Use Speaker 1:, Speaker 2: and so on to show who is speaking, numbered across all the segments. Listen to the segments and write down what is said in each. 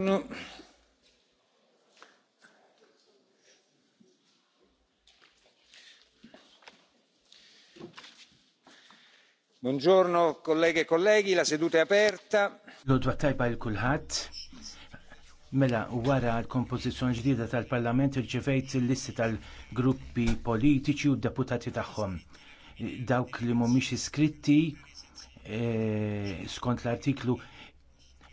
Speaker 1: No. Buongiorno colleghe e colleghi, la seduta è aperta. Lodwa tajba il kulħadd. Mela wara l-kompożizzjoni ġdida tal-Parlament irċevejt l listi tal-gruppi politiċi u d-deputati tagħhom. Dawk li mhumiex iskritti eh, skont l-artiklu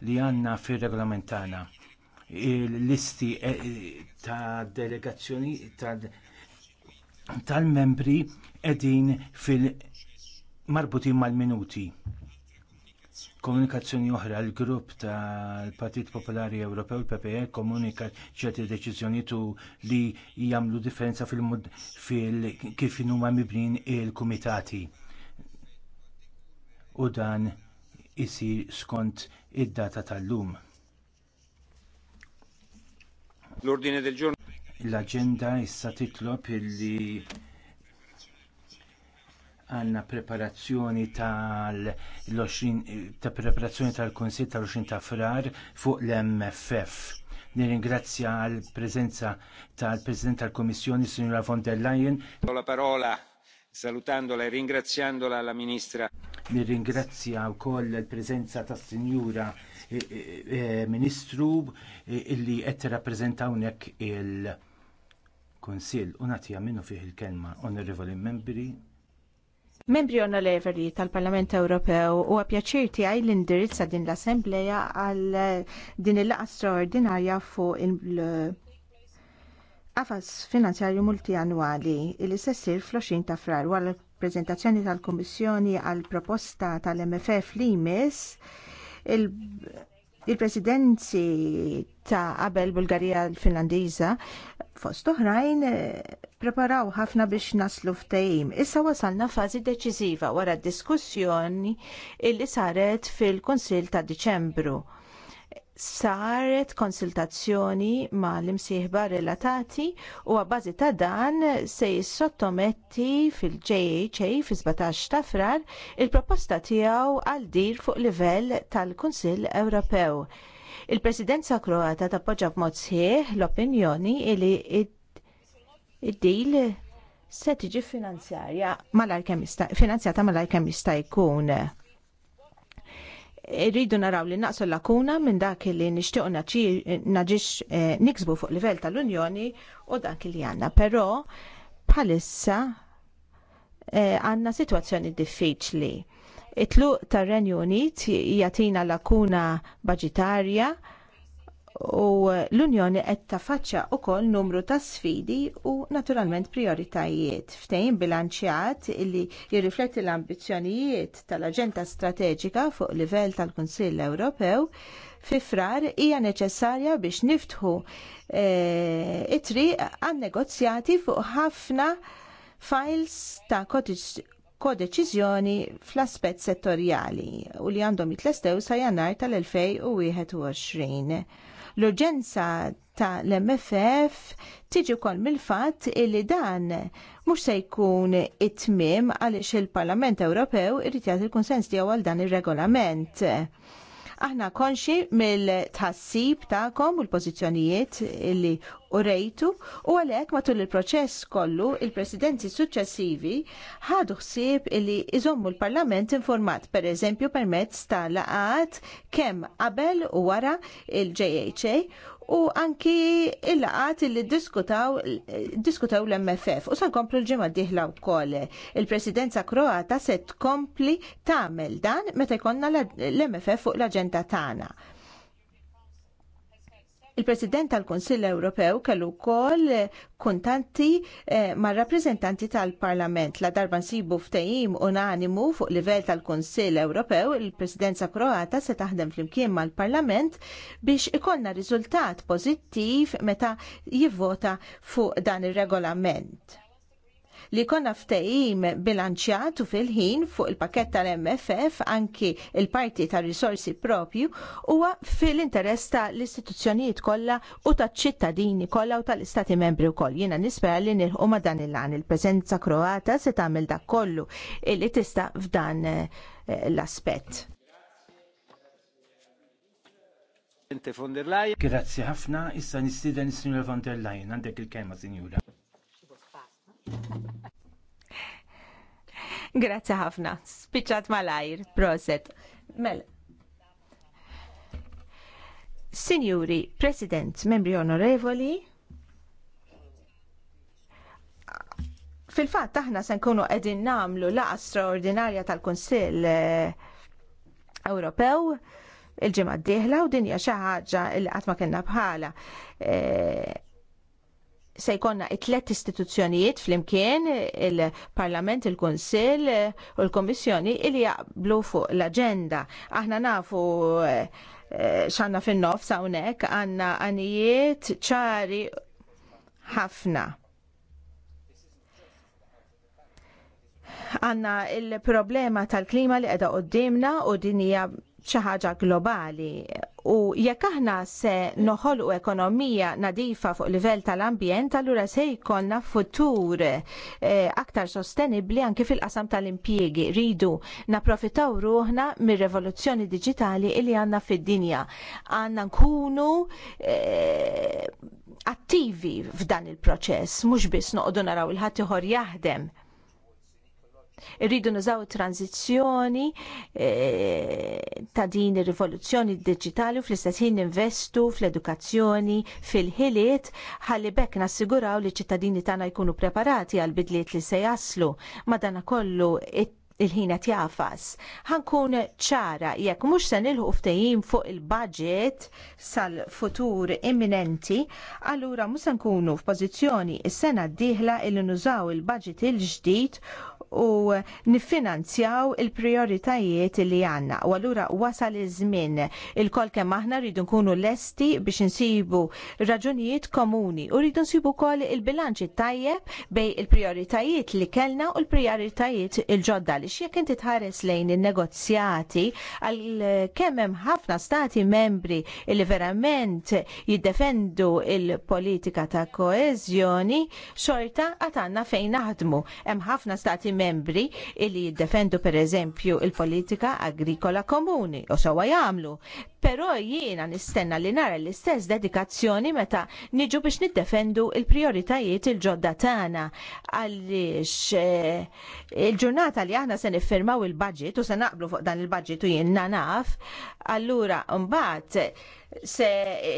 Speaker 1: li għandna fir reglamentana tagħna. Listi eh, ta' delegazzjoni tal-membri qegħdin fil-marbutin mal-minuti komunikazzjoni oħra l grupp tal-Partit Popolari Ewropew, PPE, komunika ċerti deċizjoni tu li jagħmlu differenza fil mod fil kif huma mibnin il-kumitati. U dan isir skont id-data tal-lum. L-ordine del giorno. L-agenda issa titlob illi għanna preparazzjoni tal ta' preparazzjoni tal-Konsil tal-20 ta' frar fuq l-MFF. Nirringrazzja għal prezenza tal-President tal-Komissjoni, Signora von der Leyen. La parola Salutandola e ringraziandola la Ministra. Nirringrazzja wkoll il-preżenza tas Sinjura eh, eh, eh, Ministru illi qed tirrappreżentawnek il-Kunsill u nagħtiha minnu fih il-kelma Onorevoli Membri
Speaker 2: Membri onorevoli tal-Parlament Ewropew u għapjaċir għaj l-indirizza din l-Assembleja għal din il laqgħa straordinarja fuq il- Għafas finanzjarju multianwali li se ssir fl-20 ta' frar wara l-preżentazzjoni tal-Kummissjoni għal proposta tal-MFF li jmiss il-presidenzi ta' qabel Bulgarija l-Finlandiża fost oħrajn eh, preparaw ħafna biex naslu ftehim. Issa wasalna fażi deċiżiva wara d diskussjoni li saret fil-Kunsill ta' Diċembru saret konsultazzjoni ma' l-imsieħba relatati u għabbażi ta' dan se jissottometti fil-JHA fi 17 ta' frar il-proposta tiegħu għal dir fuq livell tal-Kunsill Ewropew. Il-Presidenza Kroata tappoġġa b'mod sħiħ l-opinjoni li id-dil se tiġi finanzjata mal-arkemista jkun. Irridu naraw li naqsu lakuna minn dak li nixtiequ naġix eh, niksbu fuq livell tal-Unjoni u dak li għanna. Però bħalissa eh, għandna sitwazzjoni diffiċli. It-tluq tar-Renju Unit jatina lakuna budgetarja u l-Unjoni qed tafaċċa wkoll numru ta' sfidi u naturalment prioritajiet ftehim bilanċjat li jirrifletti l-ambizzjonijiet tal-Aġenda Strateġika fuq livell tal-Kunsill Ewropew fi frar hija neċessarja biex niftħu e, it-triq għan negozjati fuq ħafna files ta' kodeċizjoni fl-aspett settorjali u li għandhom jitlestew sa' jannar tal-2021 L-urġenza tal-MFF tiġi wkoll mill fatt li dan mhux se jkun it-tmim għaliex il-Parlament Ewropew irid jagħti konsens tiegħu għal dan ir-regolament. Aħna konxi mill-tħassib tagħkom u l-pożizzjonijiet li urejtu u għalhekk matul il-proċess kollu il-presidenti suċċessivi ħadu ħsieb li iżommu l-Parlament informat pereżempju permezz tal-laqat kemm qabel u wara il-JHA u anki il-laqat li diskutaw, diskutaw l-MFF u san komplu l-ġimma diħla u koll. Il-presidenza kroata se tkompli tamel dan meta jkonna l-MFF fuq l-agenda tana. Il-President tal-Konsill Ewropew kellu wkoll kuntanti eh, mar rappreżentanti tal-Parlament la darba nsibu ftehim unanimu fuq livell tal-Konsill Ewropew il-Presidenza Kroata se taħdem flimkien mal-Parlament biex ikollna riżultat pożittiv meta jivvota fuq dan ir-regolament li konna ftehim bilanċjatu fil-ħin fuq il-pakett tal-MFF anki il-parti tal-risorsi propju huwa fil-interess tal-istituzzjonijiet kollha u taċ-ċittadini kollha u tal-istati membri wkoll. Jiena nispera li nilħu ma dan il lan il-preżenza Kroata se tagħmel dak kollu li tista' f'dan eh,
Speaker 1: l-aspett. Grazie. Grazzi ħafna, issa nistiden is-Sinjura von der Leyen, għandek il-kelma, Sinjura.
Speaker 2: Grazzi ħafna. Spiċċat malajr, proset. Mel. Signori President, membri onorevoli, fil-fatt aħna se nkunu qegħdin nagħmlu laqgħa straordinarja tal-Kunsill eh, Ewropew il-ġimgħa d-dieħla u dinja xi ħaġa li qatt ma kellna bħala. Eh, se jkollna it-tlet istituzzjonijiet flimkien il-Parlament, il-Kunsill u l komissjoni li jaqblu fuq l-aġenda. Aħna nafu eh, eh, xanna fin-nofs hawnhekk għandna għanijiet ċari ħafna. Għanna il-problema tal-klima li qiegħda qudiemna u dinija xi ħaġa globali U jekk aħna se noħolqu ekonomija nadifa fuq livell tal-ambjent, allura se jkollna futur eh, aktar sostenibbli anke fil-qasam tal-impjiegi. Ridu naprofitaw ruħna mir-revoluzzjoni diġitali li għandna fid-dinja. Għandna nkunu eh, attivi f'dan il-proċess, mhux biss noqogħdu naraw il-ħadd jaħdem. Irridu nużaw tranzizjoni eh, ta' din ir-rivoluzzjoni digitali u fl-istess ħin investu fl-edukazzjoni, fil-ħiliet, ħalli bekk nassiguraw li ċittadini tagħna jkunu preparati għal bidliet li se jaslu. Madana kollu it il-ħina jafas. Ħankun ċara, jekk mhux se nilħu ftejim fuq il-budget sal-futur imminenti, allura mhux se nkunu f'pożizzjoni s-sena d-dieħla il nużaw il-budget il-ġdid u niffinanzjaw il-prioritajiet li għanna. U allura wasal iż-żmien il-kol kemm aħna rridu nkunu lesti biex insibu raġunijiet komuni u rridu nsibu wkoll il bilanċi tajjeb bej il-prioritajiet li kellna u l-prioritajiet il-ġodda li għaliex jekk inti tħares lejn in-negozjati għal kemm hemm ħafna stati membri li verament jiddefendu il-politika ta' koeżjoni, xorta għad għandna fejn naħdmu. Hemm ħafna stati membri li jiddefendu pereżempju il-politika agrikola komuni u sewa jagħmlu. Però jiena nistenna li nara l-istess dedikazzjoni meta niġu biex niddefendu il-prioritajiet il-ġodda tagħna għaliex eh, il-ġurnata li aħna se niffirmaw il-budget u se naqblu fuq dan il-budget u jien naf, allura mbagħad se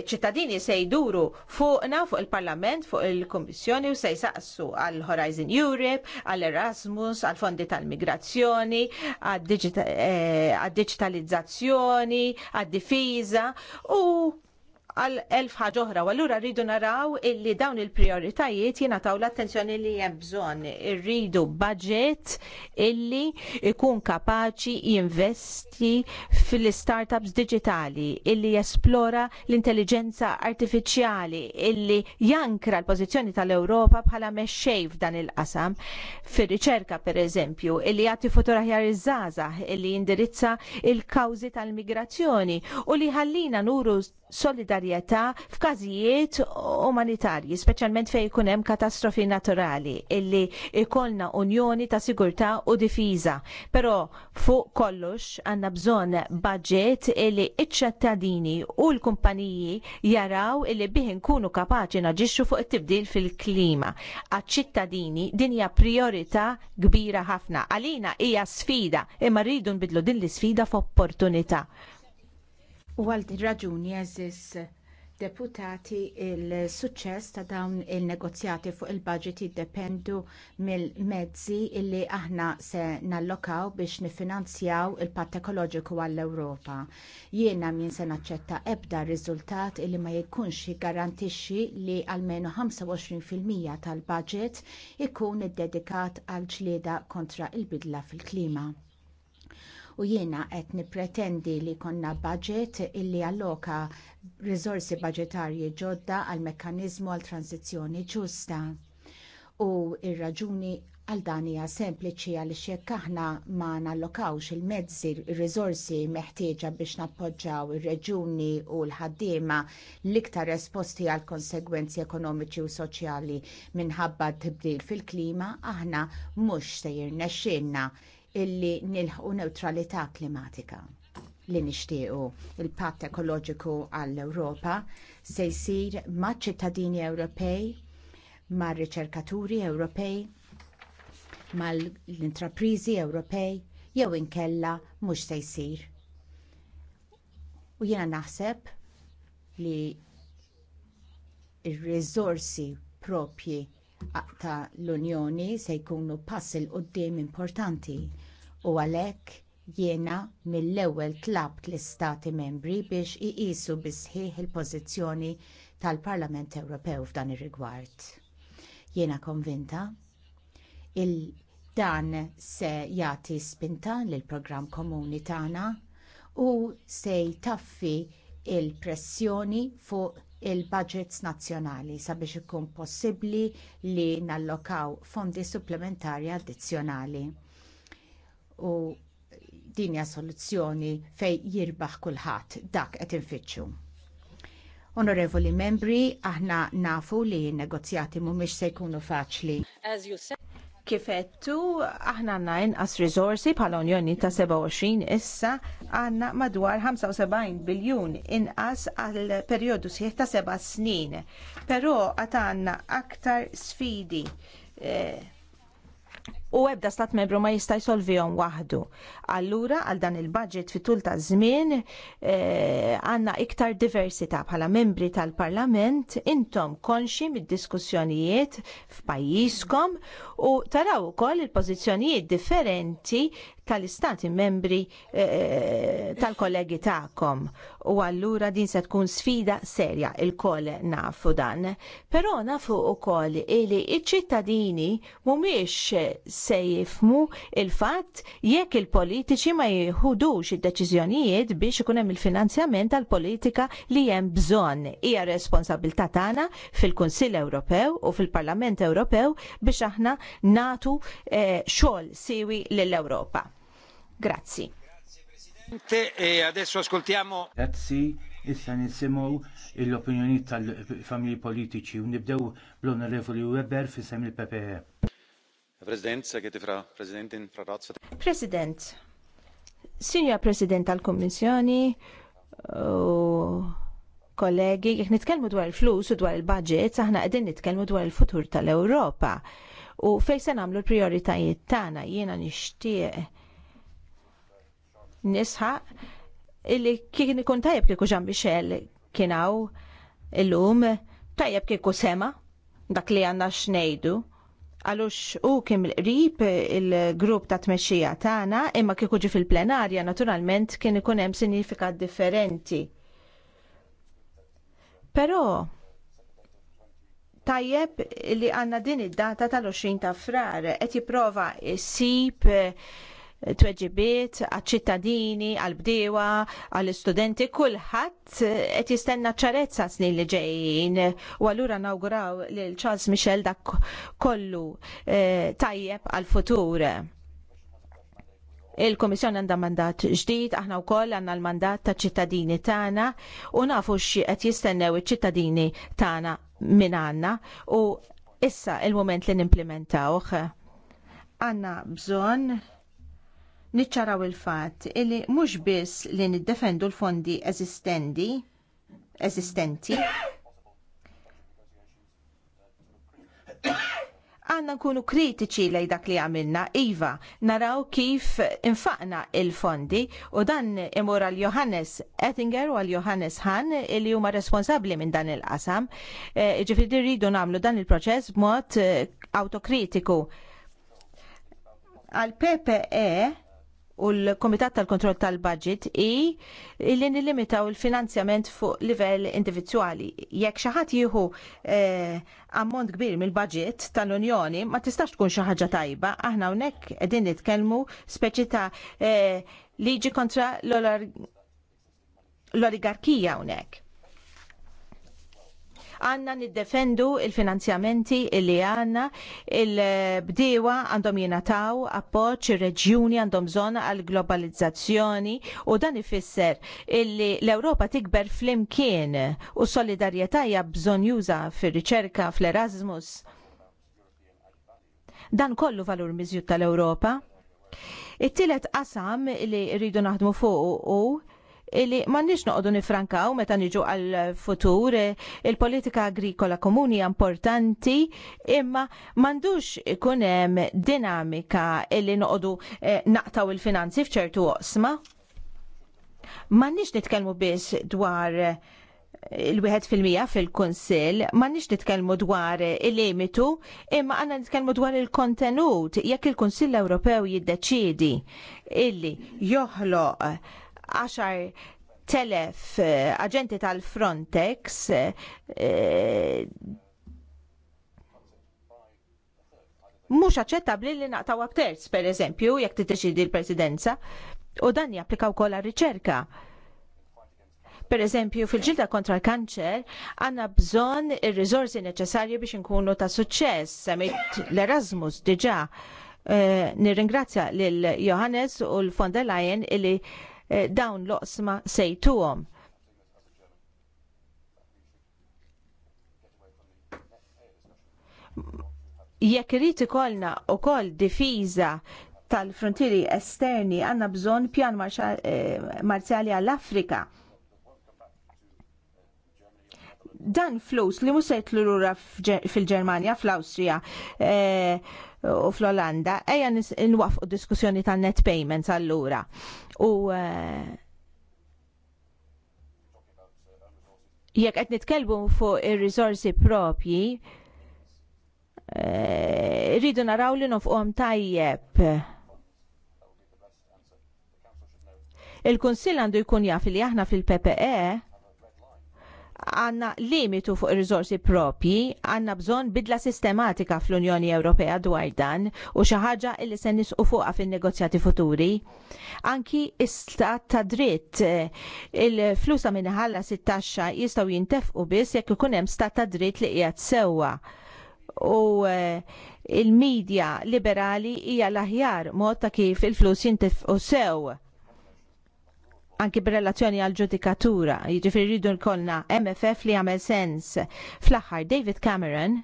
Speaker 2: ċittadini se jduru fuqna fuq il-Parlament, fuq il-Kommissjoni u se jsaqsu għal Horizon Europe, għal Erasmus, għal fondi tal-migrazzjoni, għad eh, digitalizzazzjoni, għad difiża u għal elf ħaġa oħra, u allura rridu naraw illi dawn il-prioritajiet jingħataw l-attenzjoni li hemm bżonn. Irridu budget illi ikun kapaċi jinvesti fil-startups digitali, illi jesplora l-intelligenza artifiċjali, illi jankra l-pożizzjoni tal-Ewropa bħala meċċejf f'dan il-qasam, fir-riċerka pereżempju, illi jagħti futur ħjar iż żaza illi jindirizza il-kawżi tal-migrazzjoni u li ħallina nuru solidarjetà solidarjetà f'każijiet umanitarji, speċjalment fejn ikun hemm katastrofi naturali illi ikollna unjoni ta' sigurtà u difiża. Però fuq kollox għandna bżonn budget illi iċ-ċittadini u l-kumpaniji jaraw illi bih nkunu kapaċi naġixxu fuq it-tibdil fil-klima. Għaċ-ċittadini din hija priorità kbira ħafna. Għalina hija sfida imma rridu nbidlu din l-isfida f'opportunità.
Speaker 3: U għal raġuni eżis deputati il-suċċess ta' dawn il-negozjati fuq il-budget jiddependu mill-mezzi illi aħna se nallokaw biex nifinanzjaw il-patt ekoloġiku għall-Ewropa. Jiena min se naċċetta ebda riżultat illi ma jkunx jiggarantixxi li almenu 25% tal-budget ikun iddedikat għal ġlieda kontra il-bidla fil-klima u jiena qed nippretendi li konna budget illi alloka risorsi budgetarji ġodda għal mekkaniżmu għal transizzjoni ġusta. U r raġuni għal dan hija sempliċi għaliex jekk aħna ma nallokawx il-mezzi, ir-riżorsi meħtieġa biex nappoġġaw ir-reġuni u l-ħaddiema l-iktar esposti għal konsegwenzi ekonomiċi u soċjali minħabba tibdil fil-klima, aħna mhux se jirnexxinna illi nilħu neutralità klimatika li nixtiequ il-patt ekoloġiku għall-Ewropa se jsir ma' ċittadini Ewropej, ma' riċerkaturi Ewropej, mal-intraprizi Ewropej, jew inkella mhux se jsir. U jiena naħseb li r-riżorsi propji ta' l-Unjoni se jkunu pass il qudiem importanti u għalhekk jiena mill-ewwel tlabt l-istati membri biex iqisu bi sħiħ il-pożizzjoni tal-Parlament Ewropew f'dan ir-rigward. Jiena konvinta il dan se jagħti spinta lill programm komuni tagħna u se jtaffi l pressjoni fuq il-budgets nazzjonali sabiex ikun possibbli li nallokaw fondi supplementari addizzjonali u din hija soluzzjoni fej jirbaħ kulħadd dak qed infittxu. Onorevoli membri, aħna nafu li n-negozjati mhumiex se jkunu faċli.
Speaker 2: Kifettu, aħna għanna inqas rizorsi bħal unjoni ta' 27 issa għanna madwar 75 biljun inqas għal periodu sieħ ta' 7 snin. Pero għat għanna aktar sfidi. Eh, u ebda stat membru ma jista' jsolvihom waħdu. Allura għal dan il-budget fit-tul ta' żmien eh, għandna eh, iktar diversità bħala membri tal-Parlament intom konxi mid-diskussjonijiet f'pajjiżkom u taraw ukoll il-pożizzjonijiet differenti tal-istati membri eh, eh, tal-kollegi tagħkom. U allura din se tkun sfida serja il-koll nafu dan. Però nafu ukoll li iċ-ċittadini mhumiex se jifmu il-fatt jekk il-politiċi ma jihudux id-deċiżjonijiet biex ikun hemm il-finanzjament tal-politika li hemm bżonn. Hija responsabilità tagħna fil-Kunsill Ewropew u fil-Parlament Ewropew biex aħna natu eh, xogħol siwi lill-Ewropa. Grazzi.
Speaker 1: E adesso ascoltiamo. Grazie. issa nisimgħu l-opinjoni tal-familji politiċi u nibdew bl-Onorevoli Weber fi sem il-PPE. President, segħeti fra Presidentin fra Razza. President, Sinja
Speaker 2: President tal-Kommissjoni, kollegi, jek nitkellmu dwar il-flus u dwar il-budget, aħna qegħdin nitkellmu dwar il-futur tal-Ewropa. U fejn se nagħmlu l-prijoritajiet tagħna jiena nixtieq nisħa illi kien ikun tajjeb kieku Jean Michel kienaw illum tajjeb kieku sema dak li għanna xnejdu għalux u kim qrib il-grupp ta' tmexxija tagħna imma kieku ġi fil-plenarja naturalment kien ikun hemm sinifikat differenti. Però tajjeb li għanna din id-data tal-20 ta' frar qed jipprova ssib tweġibiet għal-ċittadini, għal-bdiewa, għal-studenti, kulħadd qed jistenna ċarezza snin li ġejjin. U allura nawguraw lil Charles Michel dak kollu eh, tajjeb għal-futur. Il-Komissjoni għandha mandat ġdid, aħna wkoll għandna l-mandat ta' ċittadini tagħna u nafu qed jistennew iċ-ċittadini tagħna minn għandna u issa il-moment li nimplementawh. Għandna bżonn niċċaraw il-fatt illi mhux biss li niddefendu l-fondi eżistendi eżistenti għanna nkunu kritiċi lej dak li għamilna, Iva, naraw kif infaqna il-fondi u dan imur għal Johannes Ettinger u għal Johannes Han li huma responsabli minn dan il-qasam. E, ġifiri rridu namlu dan il-proċess b'mod e, autokritiku. Għal PPE u l-Komitat tal-Kontroll tal-Budget i li nilimitaw il-finanzjament fuq livell individuali. Jekk xi ħadd jieħu eh, ammont kbir mill-budget tal-Unjoni ma tistax tkun xi ħaġa tajba, aħna hawnhekk qegħdin nitkellmu speċi ta' eh, liġi kontra l-oligarkija hawnhekk għanna niddefendu il-finanzjamenti li għanna il-bdiewa għandhom jenataw appoċ il-reġjuni għandhom zon għal-globalizzazzjoni u dan ifisser illi l-Ewropa tikber fl-imkien u solidarieta hija bżonjuża fir-riċerka fl-Erasmus. Dan kollu valur mizjut tal-Ewropa. It-tielet qasam li rridu naħdmu fuq u li m'għandniex noqogħdu nifrankaw meta niġu għal futur il-politika agrikola komuni importanti imma m'għandux ikun hemm dinamika li noqogħdu eh, naqtaw il-finanzi f'ċertu Ma M'għandniex nitkellmu biss dwar eh, il-1 fil-mija fil ma nix nitkelmu dwar il-limitu, imma għanna nitkelmu dwar il-kontenut, jekk il-Konsill Ewropew jiddeċidi illi joħloq 10 telef eh, aġenti tal-Frontex eh, mhux aċċettabbli li naqtaw per pereżempju, jekk titixidi l-presidenza, u dan japplika wkoll għar-riċerka. Pereżempju, fil-ġilda kontra l-kanċer, għandna bżonn ir-riżorsi neċessarji biex inkunu ta' suċċess, samit l-Erasmus diġà. E, Nirringrazzja l Johannes u l-von der Leyen illi Eh, dawn l-oqsma sejtuhom. Jekk irid ikollna wkoll difiża tal-frontieri esterni għandna bżonn pjan eh, marzjali għall-Afrika dan flus li muset l fil-Ġermanja, fl-Awstrija eh, u fl-Olanda, ejja nwafqu diskussjoni tan net payments allura. U eh, jekk qed nitkelbu fuq ir-riżorsi propji, eh, rridu naraw li nofqhom tajjeb. Il-Kunsill għandu jkun jaf li aħna fil-PPE għanna limitu fuq ir-riżorsi propji, għanna bżon bidla sistematika fl-Unjoni Ewropea dwar dan u xi ħaġa li se nisqu fuqha fin-negozjati futuri. Anki istat ta' dritt eh, il-flus ta' minħalla sit-taxxa jistgħu jintefqu biss jekk ikun hemm stat ta' dritt li qiegħed sewwa. U eh, il-medja liberali hija l-aħjar mod ta' kif il-flus jintefqu sew anki b'relazzjoni għal ġudikatura, jiġifieri rridu nkollna MFF li għamel sens. Fl-aħħar David Cameron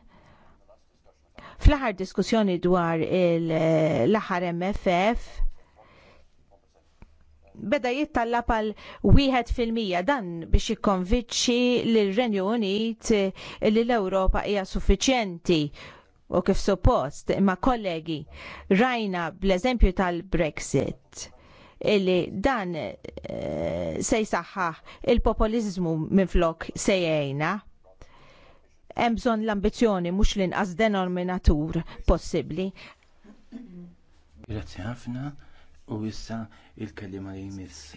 Speaker 2: fl-aħħar diskussjoni dwar l-aħħar MFF beda jittalla pal wieħed fil-mija dan biex jikkonviċċi l renju Unit li l-Ewropa hija suffiċjenti u kif suppost imma kollegi rajna bl-eżempju tal-Brexit illi dan eh, se jsaħħaħ il-populizmu minflok se jgħinna. Hemm bżonn l-ambizzjoni mhux l-inqas denominatur possibbli.
Speaker 1: Grazzi ħafna u issa il kellima li jmiss.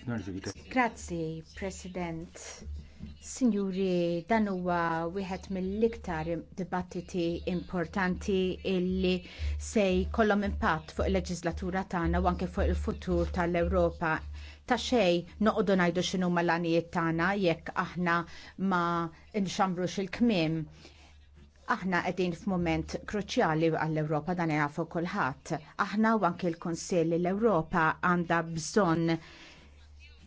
Speaker 3: Grazzi, President Signuri, dan huwa wieħed mill-iktar dibattiti importanti illi se jkollhom impatt fuq il-leġislatura tagħna u anke fuq il-futur tal-Ewropa ta' xej noqogħdu ngħidu x'inhu mal-għanijiet tagħna jekk aħna ma nxambrux il-kmiem. Aħna qegħdin f'mument kruċjali għall-Ewropa dan jafu kulħadd. Aħna u anke l-Kunsill l-Ewropa għandha bżonn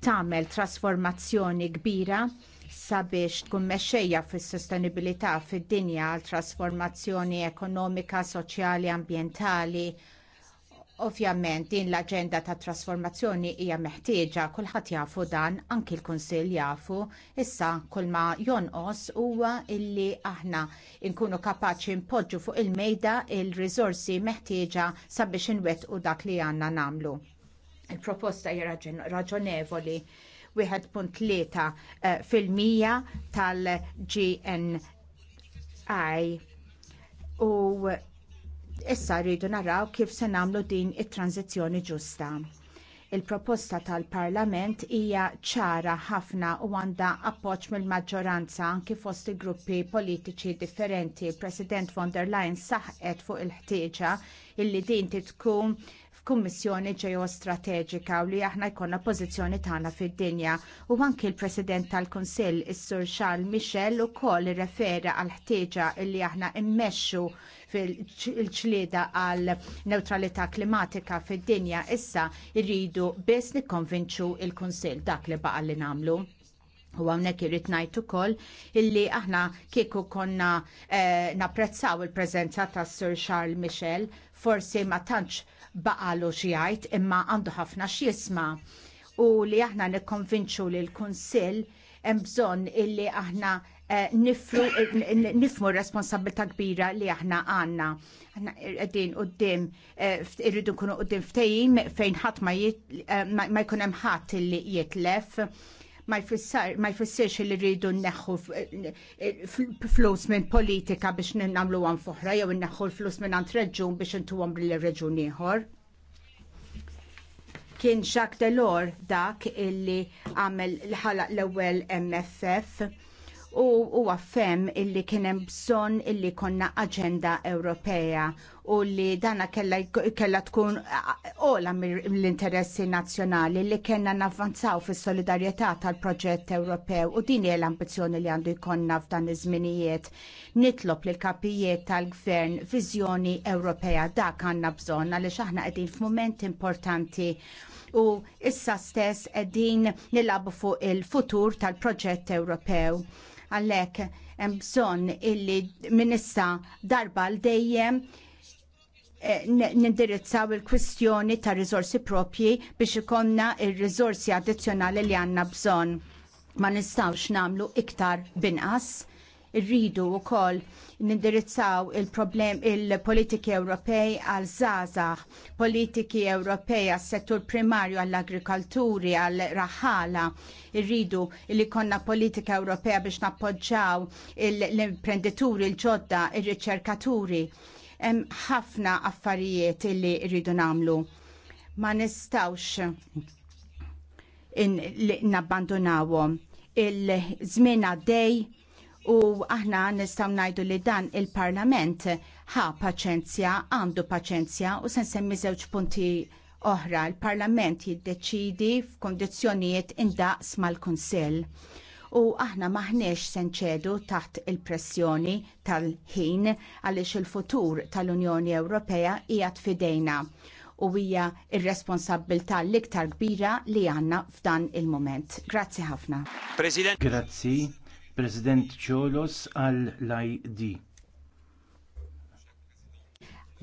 Speaker 3: tagħmel trasformazzjoni kbira sabiex tkun mexxejja fis-sostenibilità fid-dinja għal trasformazzjoni ekonomika, soċjali, ambjentali. Ovvjament din l-aġenda ta' trasformazzjoni hija meħtieġa kulħadd jafu dan, anki l-Kunsill jafu, issa kull ma jonqos huwa illi aħna nkunu kapaċi npoġġu fuq il-mejda il-riżorsi meħtieġa sabiex inwettqu dak li għandna nagħmlu. Il-proposta hija raġonevoli. 1.3 eh, fil-mija tal-GNI. U issa rridu naraw kif se nagħmlu din it-tranzizzjoni ġusta il-proposta tal-Parlament hija ċara ħafna u għandha appoġġ mill-maġġoranza anki fost il-gruppi politiċi differenti. Il-President von der Leyen saħqet fuq il-ħtieġa illi din tkun f'kummissjoni ġeostrateġika u li aħna jkollna pożizzjoni tagħna fid-dinja. U anki l-President tal-Kunsill is-Sur Charles Michel ukoll irrefera għal ħtieġa li aħna immexxu fil-ċlieda għal neutralità klimatika fid-dinja issa irridu biss nikkonvinċu l kunsill dak li baqa' li nagħmlu. U għamnek jirrit najt ukoll illi aħna kieku konna eh, napprezzaw il-prezenza ta' Sir Charles Michel forsi ma tantx baqalu xijajt imma għandu ħafna x'jisma' u li aħna nikkonvinċu li l-Kunsill hemm bżonn illi aħna eh, nifru eh, nifmu responsabilità kbira li aħna għandna. Aħna qegħdin qudiem eh, irridu nkunu qudiem ftehim fejn ħadd ma jkun hemm ħadd illi jitlef ma jfissirx li rridu nneħħu flus minn politika biex n-namlu għan fuħra jew nneħħu l-flus minn għant reġun biex għan lill-reġun ieħor. Kien Jacques Delors dak illi għamel l-ħalaq l-ewwel MFF u huwa illi kien hemm bżonn illi konna aġenda Ewropea u li dana kella tkun ola l interessi nazzjonali li kellna navvanzaw fis solidarjetà tal-proġett Ewropew u din hija l-ambizzjoni li għandu jkollna f'dan iż-żminijiet. Nitlob lil kapijiet tal-gvern viżjoni Ewropea dak għandna bżonn għaliex aħna qegħdin f'mument importanti u issa stess qegħdin nilabu fuq il-futur tal-proġett Ewropew għallek bżonn illi minissa darba l dejjem Eh, nindirizzaw il-kwistjoni ta' rizorsi propji biex ikonna il-rizorsi addizzjonali li għanna bżon. Ma nistawx namlu iktar binqas. Irridu u koll nindirizzaw il-problem il-politiki Ewropej għal zazax, politiki Ewropej għal settur primarju għall agrikolturi għal raħala. Irridu li konna politika Ewropea biex nappoġġaw l-imprenditori, il-ġodda, il-riċerkaturi. l ġodda il riċerkaturi hemm ħafna affarijiet li rridu nagħmlu. Ma nistawx nabbandunawhom il-żmien għaddej u aħna nistgħu ngħidu li dan il-Parlament ħa paċenzja, għandu paċenzja u se nsemmi żewġ punti oħra. Il-Parlament jiddeċidi f'kundizzjonijiet indaqs mal-Kunsill u aħna maħniex senċedu taħt il-pressjoni tal-ħin għaliex il-futur tal-Unjoni Ewropea hija fidejna u hija ir-responsabilità l-iktar kbira li għandna f'dan il-moment. Grazzi ħafna.
Speaker 1: President. Grazzi, President Ċolos għall-ID.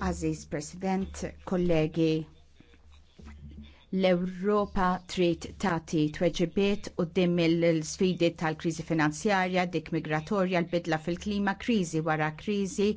Speaker 3: Aziz President, kollegi, l-Europa trid tagħti tweġibiet quddiem il-sfidi tal-kriżi finanzjarja, dik migratorja, l-bidla fil-klima, kriżi wara kriżi,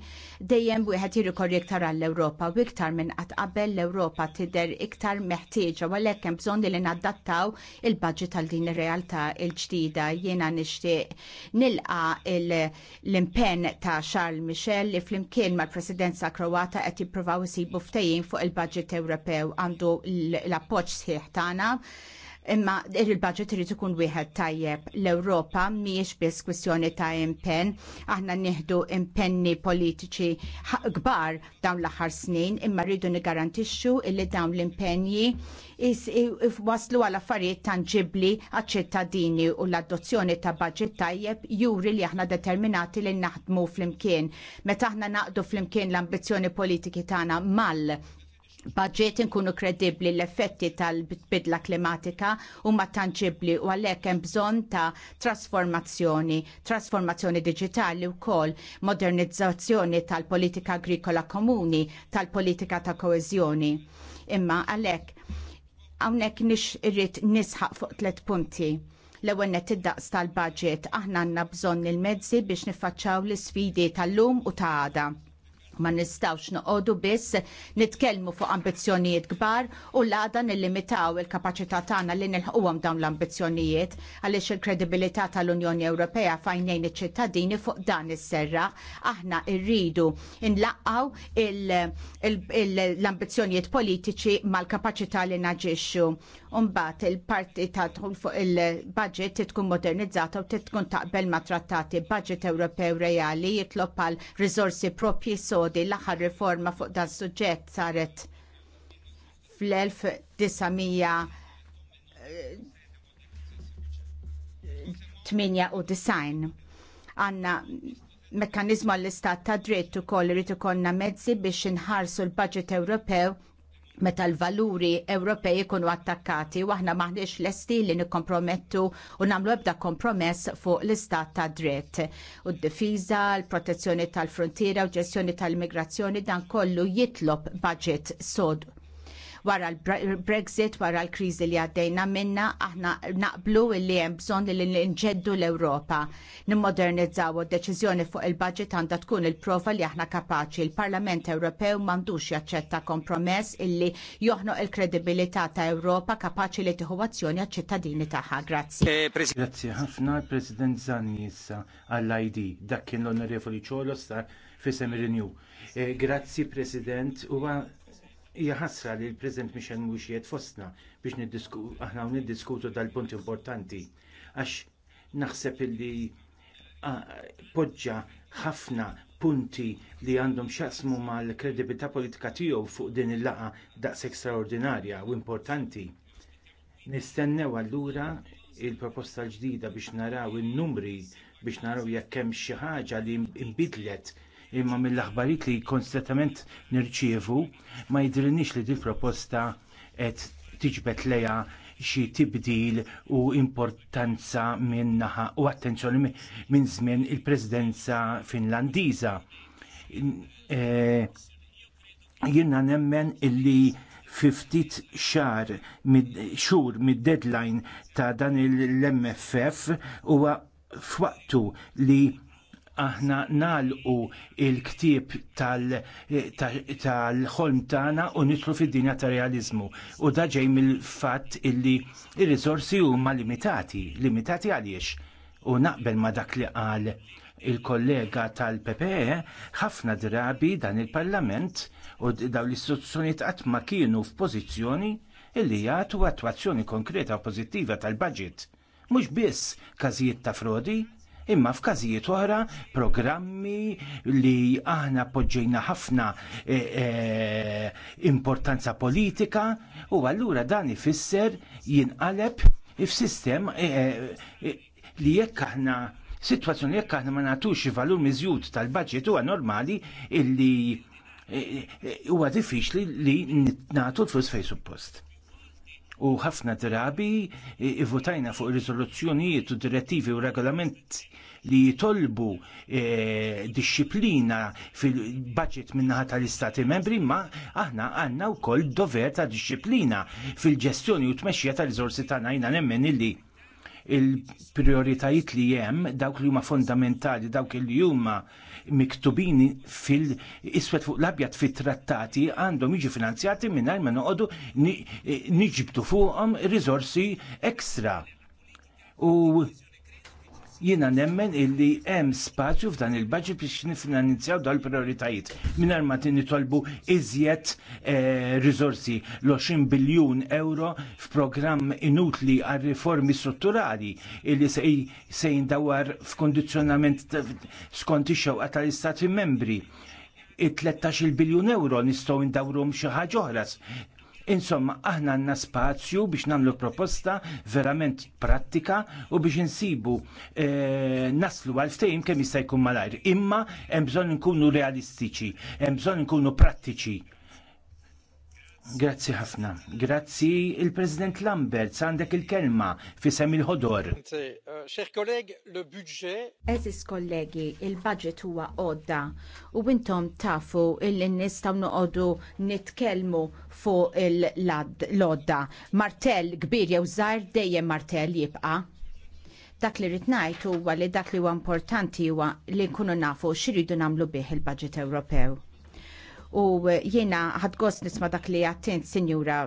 Speaker 3: dejjem wieħed jirrikorri iktar għall-Ewropa u iktar minn qatt qabel l-Ewropa tidher iktar meħtieġa u għalhekk hemm bżonn li nadattaw il-budget tal din ir-realtà l-ġdida. Jiena nixtieq nilqa l-impenn ta' Charles Michel li flimkien mal-Presidenza Kroata qed jippruvaw isibu ftehim fuq il-budget Ewropew għandu l-appoġġ l sħiħ tagħna. Imma il-budget irid ikun wieħed tajjeb. L-Ewropa mhijiex biss kwistjoni ta' impenn, aħna nieħdu impenni politiċi kbar dawn l-aħħar snin, imma rridu nigarantixxu illi dawn l-impenji waslu għal affarijiet tanġibli għaċ-ċittadini u l-adozzjoni ta' budget tajjeb juri li aħna determinati li naħdmu flimkien. Meta aħna naqdu flimkien l-ambizzjoni politiki tagħna mal budget inkunu kredibbli l-effetti tal-bidla klimatika huma tanġibbli u għalhekk hemm bżonn ta' trasformazzjoni, trasformazzjoni u wkoll, modernizzazzjoni tal-politika agrikola komuni, tal-politika ta' koezjoni. Imma għalhekk hawnhekk nix irrid nisħaq fuq tliet punti l-ewwel net id-daqs tal-budget aħna għandna bżonn il-mezzi biex niffaċċaw l-isfidi tal-lum u ta' għada ma nistawx noqogħdu biss nitkellmu fuq ambizzjonijiet kbar u l-għada nillimitaw il-kapaċità tagħna li nilħquhom dawn l-ambizzjonijiet għaliex il-kredibilità tal-Unjoni Ewropea fajnejn iċ-ċittadini fuq dan is-serra aħna rridu inlaqgħu l-ambizzjonijiet politiċi mal-kapaċità li naġixxu. Mbagħad il-parti ta' fuq il-budget tkun modernizzata u tkun taqbel ma' trattati budget Ewropew reali jitlob għal riżorsi propji so Lodi l-aħħar riforma fuq dan suġġett saret fl-1998 għanna mekkanizmu għall-istat ta' dritt ukoll rritu ikollna mezzi biex inħarsu l-budget Ewropew meta l-valuri Ewropej ikunu attakkati u aħna maħniex lesti li nikkompromettu u nagħmlu ebda kompromess fuq l-istat ta' dritt. U d-difiża, l-protezzjoni tal-frontiera u ġestjoni tal-immigrazzjoni dan kollu jitlob budget sod wara l-Brexit, wara l-kriżi li għaddejna minna, aħna naqblu li hemm bżonn li nġeddu l-Ewropa. Nimmodernizzaw deċiżjoni fuq il-budget għandha tkun il-prova li aħna kapaċi. Il-Parlament Ewropew m'għandux jaċċetta kompromess illi joħnoq il-kredibilità ta' Ewropa kapaċi li tieħu azzjoni għaċ-ċittadini
Speaker 1: tagħha. Grazzi. Eh, grazzi ħafna President Zani issa għall-ID dak kien l-Onorevoli Ċolos ta' fisem Renew. Eh, grazzi President, hija ħasra li l-President Michel mhux qiegħed fostna biex aħna niddiskutu dal-punt importanti għax naħseb illi poġġa ħafna punti li għandhom ma mal kredibilità politika tiegħu fuq din il laqgħa daqs ekstraordinarja u importanti. Nistennew allura il-proposta l-ġdida biex naraw in numri biex naraw jekk hemm xi ħaġa li imbidlet imma mill-aħbarijiet li konstantament nirċievu ma jidrinix li dil proposta qed tiġbed leja xi tibdil u importanza minn naħa u attenzjoni minn żmien il-Presidenza Finlandiża. E, Jiena nemmen illi ftit xar mid, xur mid-deadline ta' dan il-MFF u f'waqtu li aħna nalqu il-ktib tal-ħolm tagħna u nitlu fid-dinja ta' realizmu. U da ġej mill-fatt illi il-rizorsi huma limitati, limitati għaliex. U naqbel ma dak li qal il-kollega tal-PPE ħafna drabi dan il-Parlament u daw l-istituzzjonijiet qatt ma kienu f'pożizzjoni illi jagħtu attwazzjoni konkreta u pożittiva tal-budget. Mhux biss każijiet ta' frodi, Imma f'każijiet oħra programmi li aħna poġġejna ħafna e, e, importanza politika u allura dan ifisser jinqaleb f'sistem e, li jekk aħna situazzjoni jekk aħna ma nagħtux valur miżjud tal-baġġet huwa normali illi huwa diffiċli li nagħtu l-flus fejn suppost u ħafna drabi votajna fuq riżoluzzjonijiet u direttivi u regolament li jitolbu e, disċiplina fil-budget minnaħat tal-istati membri, ma aħna għanna u koll dover ta' disċiplina fil-ġestjoni u tmexxija tal-rizorsi ta' najna nemmen illi il-prioritajiet li jem, dawk li huma fondamentali, dawk li huma miktubin fil iswet fuq l-abjad fit-trattati għandhom jiġu finanzjati mingħajr ma noqogħdu eh, niġibtu fuqhom risorsi ekstra. U Jiena nemmen illi hemm spazju f'dan il-budget biex nifinanzjaw dal prioritajiet mingħajr ma nitolbu iżjed eh, rizorsi l-20 biljun euro f'programm inutli għal riformi strutturali illi se jindawar f'kondizjonament skont ix għatal tal-Istati membri it-13 biljun euro nistgħu ndawrhom xi ħaġa oħra Insomma, aħna għandna spazju biex nagħmlu proposta verament prattika u biex insibu e, naslu għal ftejm kemm jista' jkun malajr. Imma hemm bżonn nkunu realistiċi, hemm bżonn nkunu prattiċi Grazzi ħafna. Grazzi il-President Lambert, għandek il-kelma fisem il-ħodor.
Speaker 3: budget. Eżis kollegi, il-budget huwa għodda u intom tafu il ta' nuqodu nitkelmu fuq il-lodda. Martell kbir jew żgħar dejjem martell jibqa' dak li rrid ngħid huwa li dak li huwa importanti huwa li nkunu nafu x'iridu nagħmlu bih il-budget Ewropew u jiena ħadgost nisma dak li għattint, Sinjura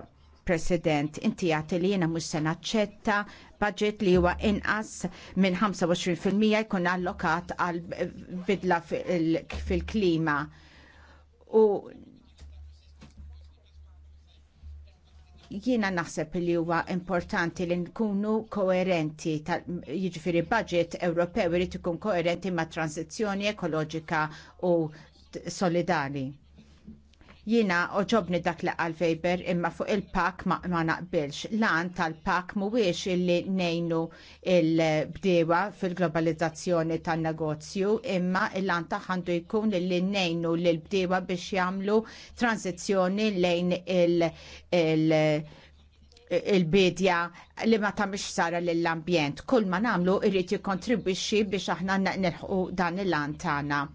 Speaker 3: President, inti għati li jena mux sena ċetta budget li huwa inqas minn 25% jkun allokat għal bidla fil-klima. U jiena naħseb li huwa importanti li nkunu koerenti, jiġifieri budget Ewropew irid ikun koerenti mat transizzjoni ekoloġika u solidali Jiena oġobni dak li qal Weber imma fuq il-pak ma, ma naqbilx. Lan tal-pak mhuwiex illi nejnu il-bdewa fil-globalizzazzjoni tan-negozju imma il-lan taħandu jkun illi nejnu l-bdewa biex jagħmlu tranzizzjoni lejn il-, il il-bidja li ma tamix sara l-ambjent. Kull ma namlu irrit jikontribwixi biex aħna nilħu dan il-lan tagħna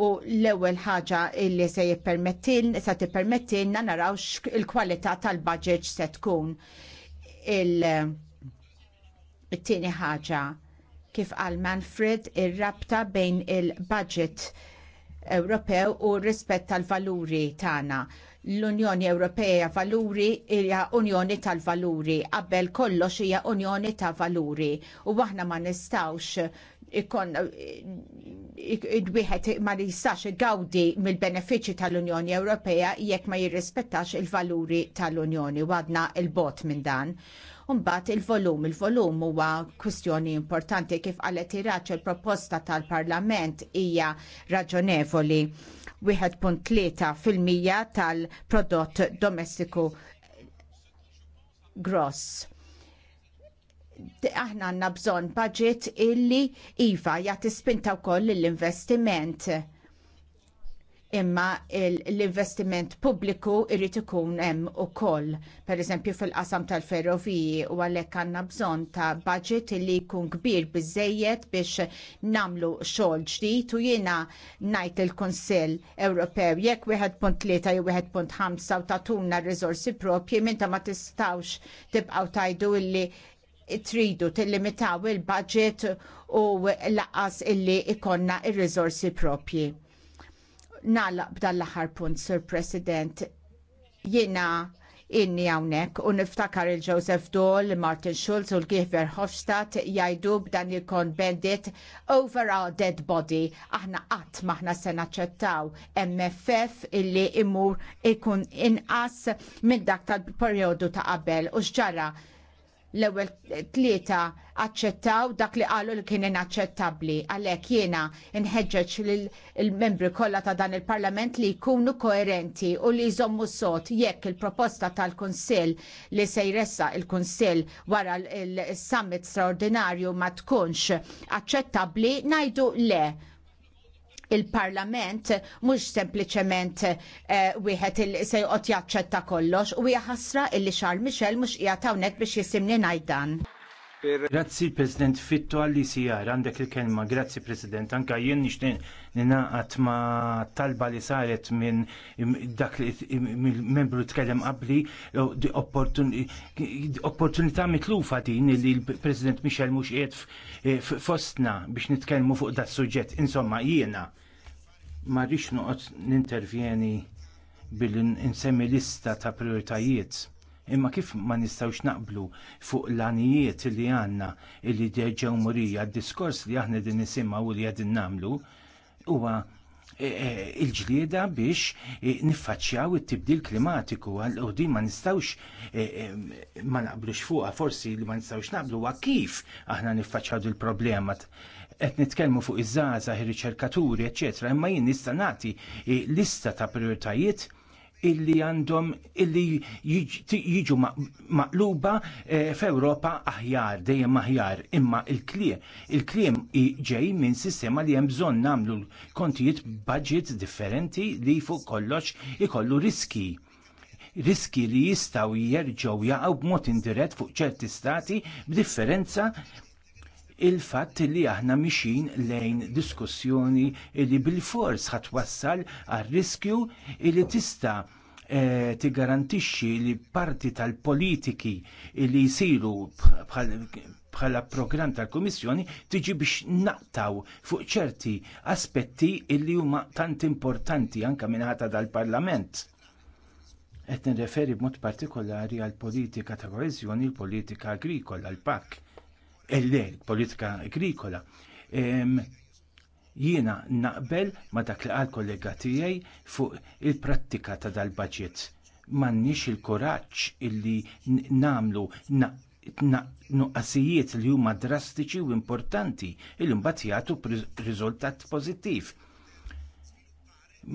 Speaker 3: u l-ewwel ħaġa illi se jippermettin se tippermettilna naraw il-kwalità tal-budget se tkun il-tieni ħaġa kif qal Manfred ir-rabta bejn il-budget Ewropew u rispett tal-valuri tagħna l-Unjoni Ewropea Valuri hija Unjoni tal-Valuri, qabel kollox hija Unjoni ta' Valuri u aħna ma nistawx ikon id-wieħed ma jistax igawdi mill-benefiċċji tal-Unjoni Ewropea jekk ma jirrispettax il-valuri tal-Unjoni għadna il-bot minn dan. Umbat il-volum, il-volum huwa kwistjoni importanti kif għalet iraċ il-proposta tal-Parlament hija raġonevoli. 1.3 fil-mija tal-prodott domestiku gross aħna għandna bżonn budget illi iva jagħti spinta wkoll l-investiment. Imma l-investiment pubbliku jrid ikun hemm ukoll. Pereżempju fil-qasam tal-ferroviji u għalhekk għandna bżonn ta' budget illi jkun kbir biżejjed biex nagħmlu xogħol ġdid u jiena ngħid il-Kunsill Ewropew jekk wieħed punt tlieta jew wieħed punt ħamsa u tagħtuna r-riżorsi propji minta ma tistgħux tibqgħu tajdu illi tridu tillimitaw il-budget u laqas illi ikonna il-rizorsi propji. Nalla b'dan l-aħħar punt, Sir President, jiena inni għawnek u niftakar il-Joseph Dole, Martin Schulz u l-Gihver Hofstadt jajdu b'dan jikon bendit bandit over our dead body. Aħna qatt maħna se naċċettaw MFF illi imur ikun inqas minn dak tal-periodu ta' qabel u xġara l-ewwel tlieta aċċettaw dak li qalu li kien inaċċettabbli. Għalhekk jiena inħeġġeġ lill-membri kollha ta' dan il-Parlament li jkunu koerenti u li jżommu sot jekk il-proposta tal-Kunsill li se jressa il-Kunsill wara l-summit straordinarju ma tkunx aċċettabbli ngħidu le il-Parlament mhux sempliċement eh, wieħed il se jaċċetta kollox u hija ħasra illi Charles Michel mhux qiegħed hawnhekk biex jisimni ngħid dan.
Speaker 1: Grazzi President Fitto għalli sijar, għandek il-kelma, grazzi President, anka jien nishtin ninaqat ma talba li saret minn dak li membru tkellem qabli, opportunità mitlufa din li l-President Michel mux qiegħed fostna biex nitkellmu fuq dat suġġett. Insomma, jiena ma rix noqgħod nintervjeni bil insemmi lista ta' prioritajiet Imma kif ma nistawx naqblu fuq l-anijiet li għanna illi deġew murija, diskors li aħna din u li għadin namlu, huwa e, e, il-ġlieda biex e, niffaċċjaw it-tibdil klimatiku u di ma nistawx ma naqblux fuqha forsi li ma nistawx naqblu wa kif aħna niffaċċjaw il-problema qed nitkellmu fuq iż-żgħażagħ ir-riċerkaturi, eċetera, imma jien nista' nagħti lista ta' prioritajiet illi għandhom illi jiġu maqluba eh, f'Ewropa aħjar, dejjem aħjar, imma il-kliem. Il-kliem ġej minn sistema li hemm bżonn nagħmlu kontijiet budget differenti li fuq kollox ikollu riski riski li jistaw jerġgħu jaqgħu b'mod indirett fuq ċerti stati b'differenza il-fatt li aħna mixin lejn diskussjoni li bil-fors ħatwassal għal riskju li tista' E, tigarantixxi li parti tal-politiki li jsiru bħala programm tal-Kummissjoni tiġi biex naqtaw fuq ċerti aspetti li huma tant importanti anke minħata dal-Parlament. Qed nirreferi b'mod partikolari għall politika ta' koeżjoni l politika agrikola l pak il-politika agrikola. Jiena naqbel ma dak li għal kollega tiegħi fuq il-prattika ta' dal-budget. Mannix il-koraġġ illi namlu nuqqasijiet li huma drastiċi u importanti il-imbatijatu riżultat pożittiv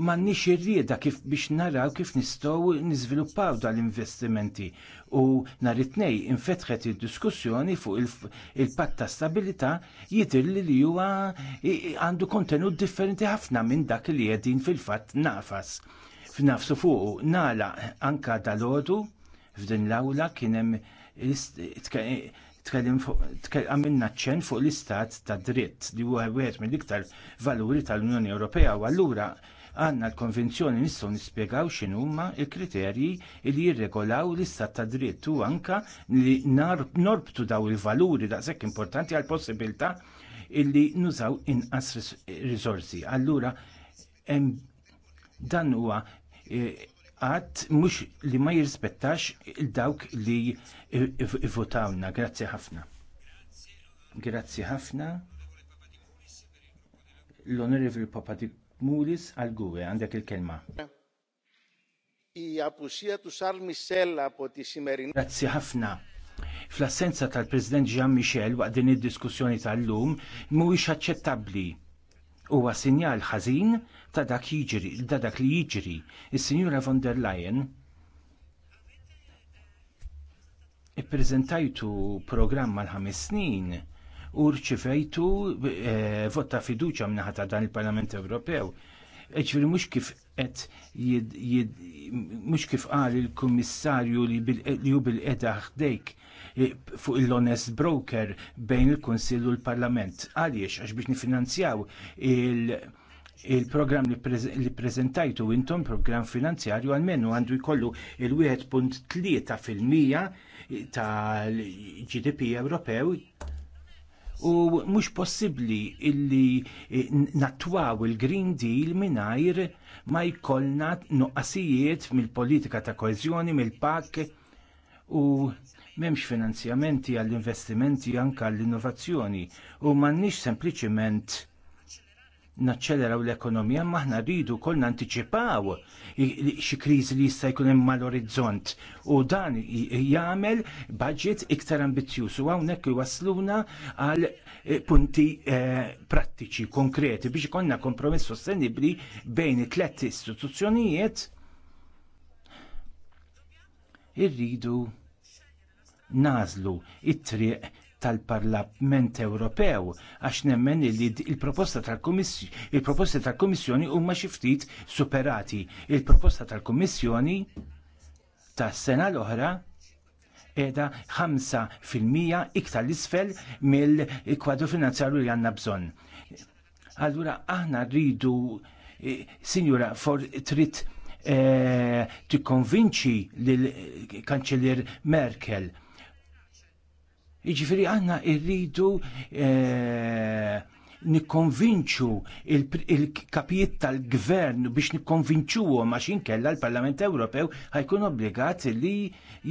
Speaker 1: ma ir-rieda kif biex naraw kif nistgħu niżviluppaw dal-investimenti u nhar it-tnejn infetħet id-diskussjoni fuq il-patt ta' stabilità jidir li huwa għandu kontenut differenti ħafna minn dak li qegħdin fil-fatt nafas f'nafsu fuq nala anka dal-ħodu f'din l-awla kien hemm għamilna ċen fuq l-istat ta' dritt li huwa wieħed mill-iktar valuri tal-Unjoni Ewropea u allura Għanna l-konvenzjoni nistgħu nispjegaw x'inhuma il-kriterji li jirregolaw l-istat ta' dritt u anka li norbtu daw il-valuri daqshekk importanti għal possibilità illi nużaw inqas risorsi. Allura dan huwa e, għad mux li ma jirrispettax il-dawk li votawna. Grazzi ħafna. Grazzi ħafna. L-Onorevoli Papadi Mulis għal għandek il-kelma. Grazzi ħafna. Fl-assenza tal-President Jean Michel waqt din id-diskussjoni tal-lum mhuwiex aċċettabbli. Huwa sinjal ħażin ta' dak jiġri, ta' dak li jiġri. Is-Sinjura von der Leyen ippreżentajtu programm mal ħames snin u rċifejtu eh, vota fiduċa minnaħat ta' dan il-Parlament Ewropew. Eċveri mux kif et mux kif għal il-Kummissarju li ju bil edha ħdejk eh, fuq il-honest broker bejn il-Konsil u l-Parlament. Għaliex, għax biex nifinanzjaw il- il-program li prezentajtu intom program finanzjarju għalmenu għandu jkollu il-1.3 fil-mija tal-GDP Ewropew u mhux possibbli illi eh, natwaw il-Green Deal mingħajr ma jkollna nuqqasijiet mill-politika ta' koeżjoni mill-pak u m'hemmx finanzjamenti għall-investimenti anke għall-innovazzjoni u m'għandniex sempliċement naċċeleraw l-ekonomija maħna rridu kollna anticipaw xi kriżi li jista' jkun hemm mal-orizzont u dan jagħmel budget iktar ambizzjuż u hawnhekk iwassluna għal eh, punti eh, prattiċi, konkreti biex ikonna kompromiss sostenibbli bejn it-tlet istituzzjonijiet irridu nażlu it-triq tal-Parlament Ewropew għax nemmen li il-proposta tal-Komissjoni huma xi ftit superati. Il-proposta tal-Komissjoni tas-sena l-oħra edha 5% iktar l-isfel mill-kwadru finanzjarju li għanna bżonn. Allura aħna rridu, eh, sinjura, for trid eh, tikkonvinċi lill kanċelier Merkel Iġifiri għanna irridu eh, nikkonvinċu il-kapijiet il tal-gvern biex nikkonvinċuhom għax kella l-Parlament Ewropew ħajkun obbligat li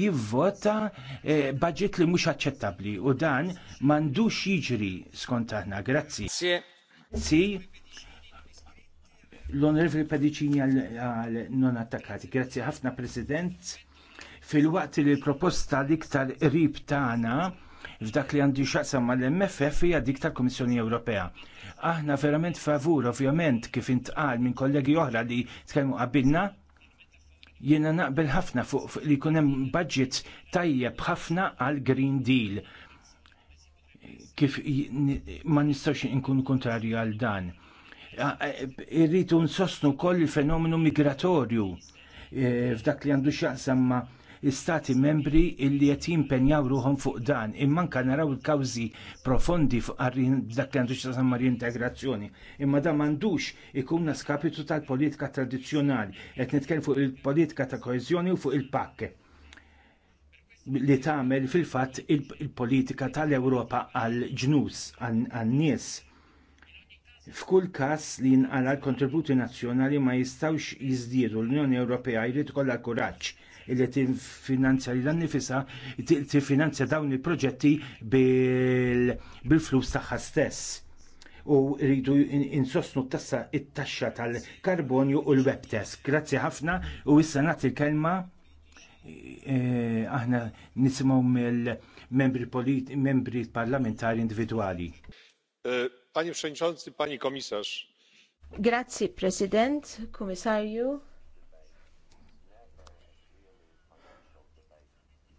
Speaker 1: jivvota eh, budget li mhux aċċettabbli u dan m'għandux jiġri skont aħna. Grazzi. Si l-onorevoli Pedicini għal non attakati, Grazzi ħafna President. Fil-waqt li l-proposta l-iktar rib tagħna f'dak li għandu xaqsam mal-MFF hija dik tal-Komissjoni Ewropea. Aħna verament favur, ovvjament, kif intqal minn kollegi oħra li tkellmu qabilna, jiena naqbel ħafna fuq li kunem budget tajjeb ħafna għal Green Deal kif ma nistax inkunu kontrarju għal dan. Irritu nsostnu koll il-fenomenu migratorju e, f'dak li għandu xaqsam ma' istati membri illi qed jimpenjaw ruhom fuq dan, immanka naraw il-kawżi profondi fuq dak li għandux ta' integrazzjoni. Imma da m'għandux ikun skapitu tal-politika tradizzjonali, qed nitkellem fuq il-politika ta' koeżjoni u fuq il-pakke li tagħmel fil-fatt il-politika tal-Ewropa għal ġnus għan-nies. F'kull każ li nqala l-kontributi nazzjonali ma jistgħux jiżdiedu l-Unjoni Ewropea jrid ikollha kuraġġ li tiffinanzja li dan nifisa tiffinanzja dawn il-proġetti bil-flus tagħha stess u rridu insostnu tassa it-taxxa tal-karbonju u l-web test. Grazzi ħafna u issa nagħti l-kelma e, aħna nisimgħu mill-membri parlamentari individwali. E, panie Przewodniczący, Pani Komisarz.
Speaker 2: Grazzi President, Komissarju,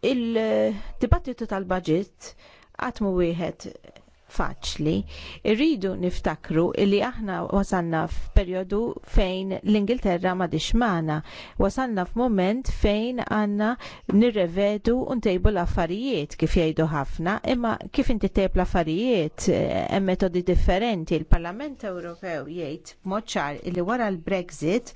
Speaker 2: il-dibattitu tal-budget għatmu wieħed faċli. Irridu niftakru li aħna wasanna f'perjodu fejn l-Ingilterra ma dixmana. wasanna f'moment fejn għanna nirrevedu tejbu l-affarijiet kif jgħidu ħafna, imma kif inti tejb l-affarijiet eh, hemm metodi differenti. Il-Parlament Ewropew jgħid moċċar ċar li wara l-Brexit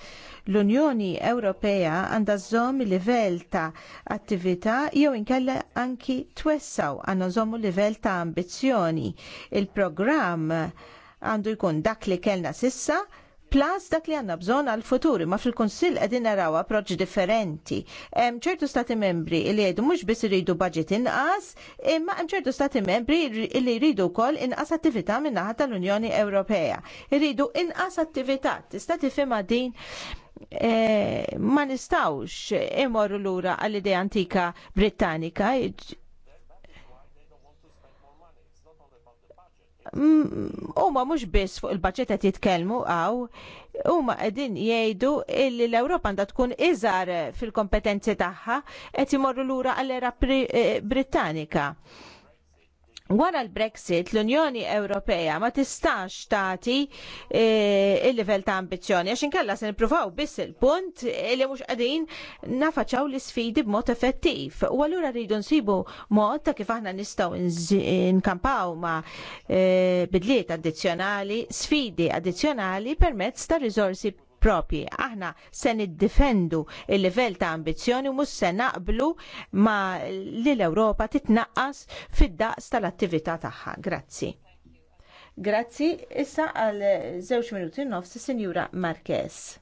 Speaker 2: L-Unjoni Ewropea għandha żomm livell ta' attività jew inkella anki twessaw għandna żommu livell ta' ambizzjoni. Il-programm għandu jkun dak li kellna sissa Plus dak li għanna bżon għal futuri ma fil-Konsil għedin naraw approċ differenti. Hemm ċertu stati membri li jgħidu mhux biss rridu budget inqas, imma hemm ċertu stati membri li jridu wkoll inqas attività min-naħa tal-Unjoni Ewropea. Rridu inqas attività. Tista' tifhimha din E, ma nistawx imorru lura għall-idea antika Britannika. Mm, huma mhux biss fuq il-baċċetta jitkellmu għaw, uma qegħdin jgħidu illi l-Ewropa għandha tkun iżgħar fil-kompetenzi tagħha qed imorru lura għall-era e, Britannika. Wara l-Brexit, l-Unjoni Ewropea ma tistax tagħti eh, il-livell ta' ambizzjoni għax inkella se nippruvaw biss il-punt li mhux qegħdin nafaċaw l-isfidi b'mod effettiv. U allura rridu nsibu mod ta' kif aħna nistgħu nkampaw ma' eh, bidliet addizzjonali, sfidi addizzjonali permezz ta' riżorsi propji. Aħna se niddefendu il-livell ta' ambizzjoni u mhux se naqblu ma li l-Ewropa titnaqqas fid-daqs tal-attività tagħha. Grazzi. Grazzi, issa għal żewġ minuti nofs Sinjura Marquez.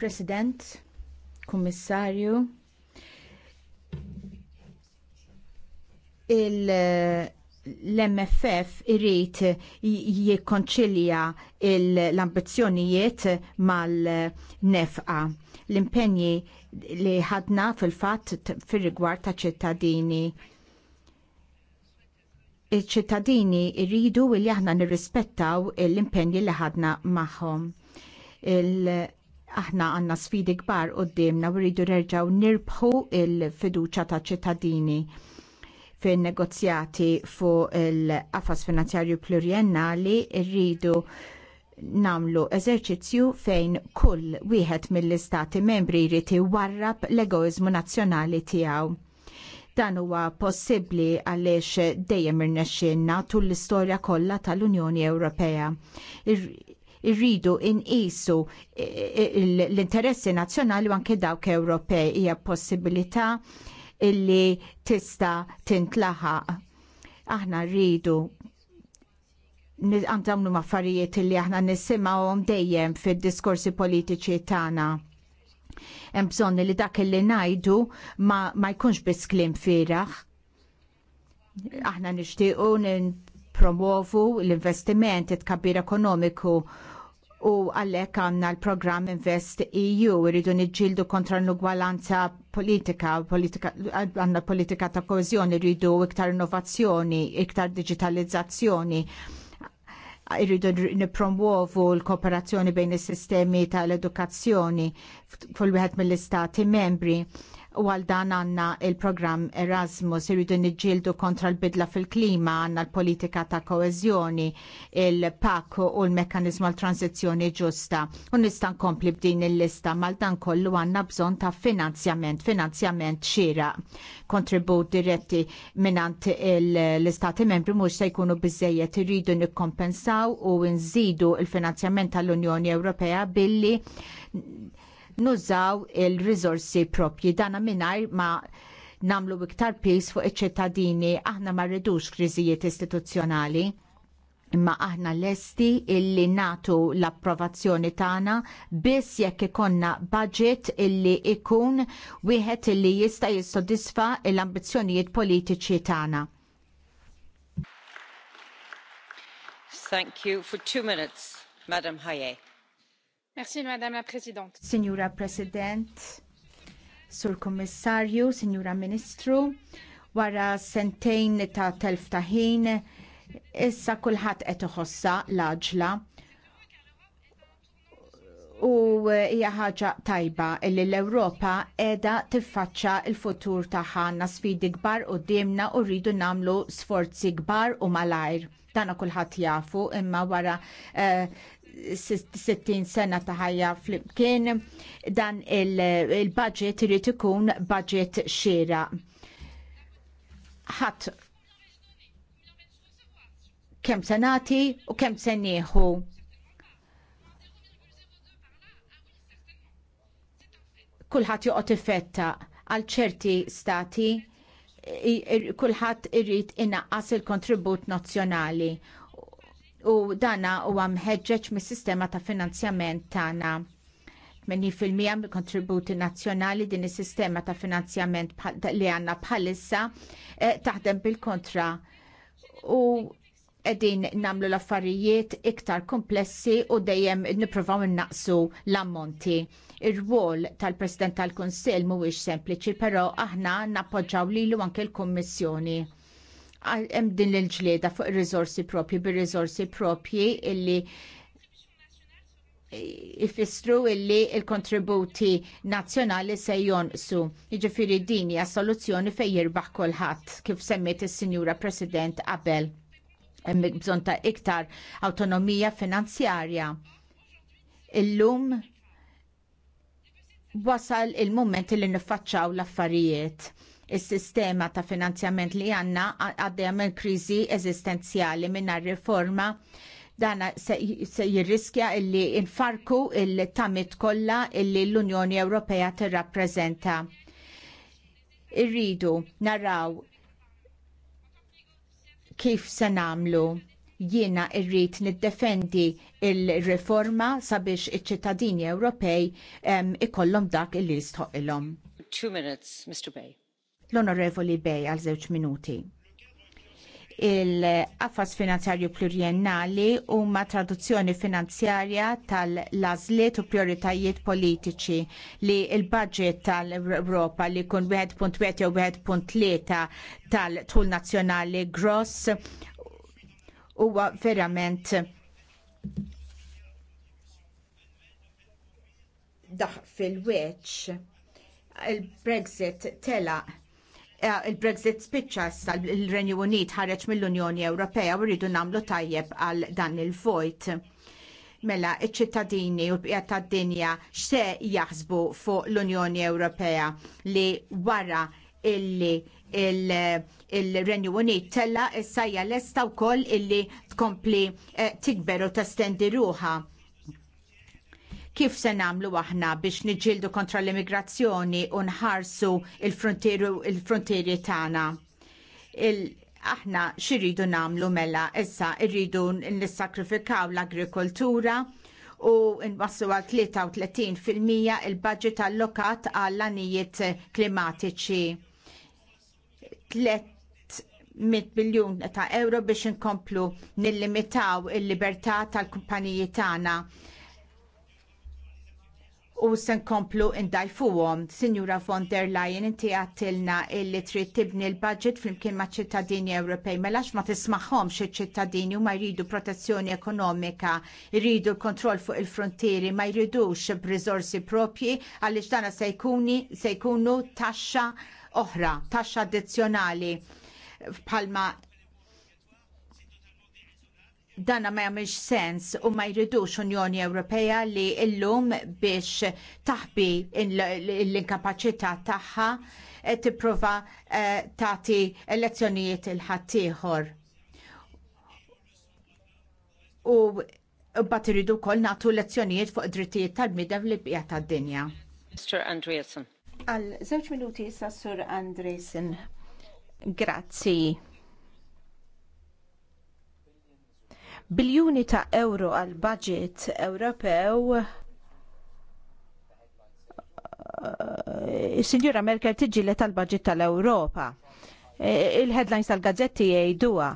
Speaker 3: President, Kummissarju, il- l-MFF irrit jikkonċilja l-ambizjonijiet mal-nefqa. L-impenji li ħadna fil-fat fil-rigward ta' ċittadini. Il-ċittadini irridu li aħna nirrispettaw l-impenji li ħadna maħħom. Aħna għanna sfidi kbar u d-demna u rridu nerġaw nirbħu il-fiduċa ta' ċittadini fin negozjati fuq il-qafas finanzjarju pluriennali rridu namlu eżerċizzju fejn kull wieħed mill-istati membri jrid iwarrab l-egoizmu nazzjonali tiegħu. Dan huwa possibbli għaliex dejjem irnexxinna tul l-istorja kollha tal-Unjoni Ewropea. Irridu inqisu l-interessi nazzjonali u anke dawk Ewropej hija possibilità illi tista tintlaħaq. Aħna rridu għam dawn affarijiet illi aħna nisimgħuhom dejjem fid-diskorsi politiċi tagħna hemm bżonn li dak li ngħidu ma, ma jkunx biss kliem fieraħ. Aħna nixtiequ nippromovu l-investiment it-kabbir ekonomiku u għallek għanna l-program Invest EU rridu nġildu kontra l-ugwalanza politika, għanna politika ta' kozjoni, rridu iktar innovazzjoni, iktar digitalizzazzjoni irridu nipromuovu l-kooperazzjoni bejn is-sistemi tal-edukazzjoni fil wieħed mill-istati membri u għal dan għanna il-programm Erasmus irridu niġġieldu kontra l-bidla fil-klima għanna l-politika ta' koezjoni, il-pak u l mekanizmu għal transizjoni ġusta. U nista' nkompli b'din il-lista mal dan kollu għanna bżon ta' finanzjament, finanzjament xira, kontribut diretti minant l-istati membri mux se jkunu bizzejiet irridu nikkompensaw u nżidu il-finanzjament tal-Unjoni Ewropea billi nużaw il-rizorsi propji dana mingħajr ma namlu iktar pis fuq iċ-ċittadini aħna ma rridux kriżijiet istituzzjonali imma aħna lesti illi natu l-approvazzjoni tagħna biss jekk ikonna budget illi ikun wieħed illi jista' jissodisfa l-ambizzjonijiet politiċi tagħna.
Speaker 2: Thank you for two minutes, Madam Hayek.
Speaker 3: Merci, Madame la President. Signora President, Sur Commissario, Signora Ministru, wara sentejn ta' telf ta' ħin, issa kulħadd qed iħossa l-aġla u hija ħaġa tajba li l-Ewropa qiegħda tiffaċċa l-futur tagħha na sfidi kbar qudiemna u rridu nagħmlu sforzi kbar u malajr. Dan kulħadd jafu imma wara uh, 60 sena ta' ħajja flimkien dan il-budget il irid ikun budget xira. Ħadd kemm se nagħti u kemm se nieħu. Kulħadd joqgħod ifetta għal ċerti stati kulħadd irrid inaqqas il-kontribut nazzjonali u dana huwa mħeġġeġ mis-sistema ta' finanzjament tagħna. 80% kontributi nazjonali din is-sistema ta' finanzjament li għanna bħalissa eh, taħdem bil-kontra u qegħdin nagħmlu l-affarijiet iktar komplessi u dejjem nippruvaw innaqsu l-ammonti. ir wol tal-President tal-Kunsill mhuwiex sempliċi, però aħna nappoġġaw lilu anke l-Kummissjoni hemm din l-ġlieda fuq ir-riżorsi propji bir-riżorsi propji illi ifissru illi il-kontributi nazzjonali se jonqsu. Jiġifieri din hija soluzzjoni fejn jirbaħ kulħadd kif semmiet is-Sinjura President qabel. Hemm bżonn ta' iktar awtonomija finanzjarja. Illum wasal il-moment li niffaċċaw l-affarijiet Is-sistema ta' finanzjament li għandna għaddejja minn kriżi eżistenzjali r riforma dana se jirriskja illi infarku il-tamit kollha illi l-Unjoni Ewropea tirrappreżenta. Irridu naraw kif se nagħmlu jiena rrid niddefendi il-reforma sabiex iċ-ċittadini Ewropej ikollhom dak illi jistħoqilhom.
Speaker 2: Two minutes, Mr. Bay.
Speaker 3: L-Onorevoli Bej għal żewġ minuti il affas finanzjarju pluriennali huma traduzzjoni finanzjarja tal-lażliet u prioritajiet politiċi li il-budget tal-Europa li kun 1.1 u 1.3 tal-tul nazzjonali gross huwa verament daħ fil-weċ il-Brexit telaq Eh, il-Brexit spiċċa issa il-Renju Unit ħareġ mill-Unjoni Ewropea u rridu nagħmlu tajjeb għal dan il-vojt. Mela, iċ-ċittadini u l-bqija tad-dinja x'se jaħsbu fuq l-Unjoni Ewropea li wara illi il-Renju Unit tella issa hija lesta wkoll illi tkompli eh, tikber u testendi ruħha Kif se nagħmlu aħna biex niġġieldu kontra l-immigrazzjoni u nħarsu il-frontieri tagħna? Aħna aħna xirridu nagħmlu mela issa rridu nissakrifikaw l-agrikoltura u nwassu għal 33% il-budget allokat għall anijiet klimatiċi. 300 biljun ta' euro biex inkomplu nillimitaw il-libertà tal-kumpaniji tagħna u se nkomplu ndajfuhom. Sinjura von der Leyen, inti għattilna illi trid tibni l-budget flimkien ma' ċittadini Ewropej, melax ma tismaħħomx xie ċittadini u ma jridu protezzjoni ekonomika, jridu l-kontroll fuq il-frontieri, ma jridux b'rizorsi propji għaliex dana se jkunu taxxa oħra, taxxa addizzjonali bħalma Danna ma jagħmilx sens u ma jridux Unjoni Ewropea li llum biex taħbi l-inkapaċità tagħha eh, tipprova eh, tagħti elezzjonijiet il ħaddieħor u bat iridu wkoll nagħtu lezzjonijiet fuq drittijiet tal-midem li
Speaker 2: bqija tad-dinja. Mr. Andreessen. Għal żewġ minuti issa Sur Andreessen. Grazzi. biljuni ta' euro għal budget Ewropew eh, Signora Merkel tiġi li tal-budget tal-Europa. Eh, il-headlines tal-gazzetti jgħiduha.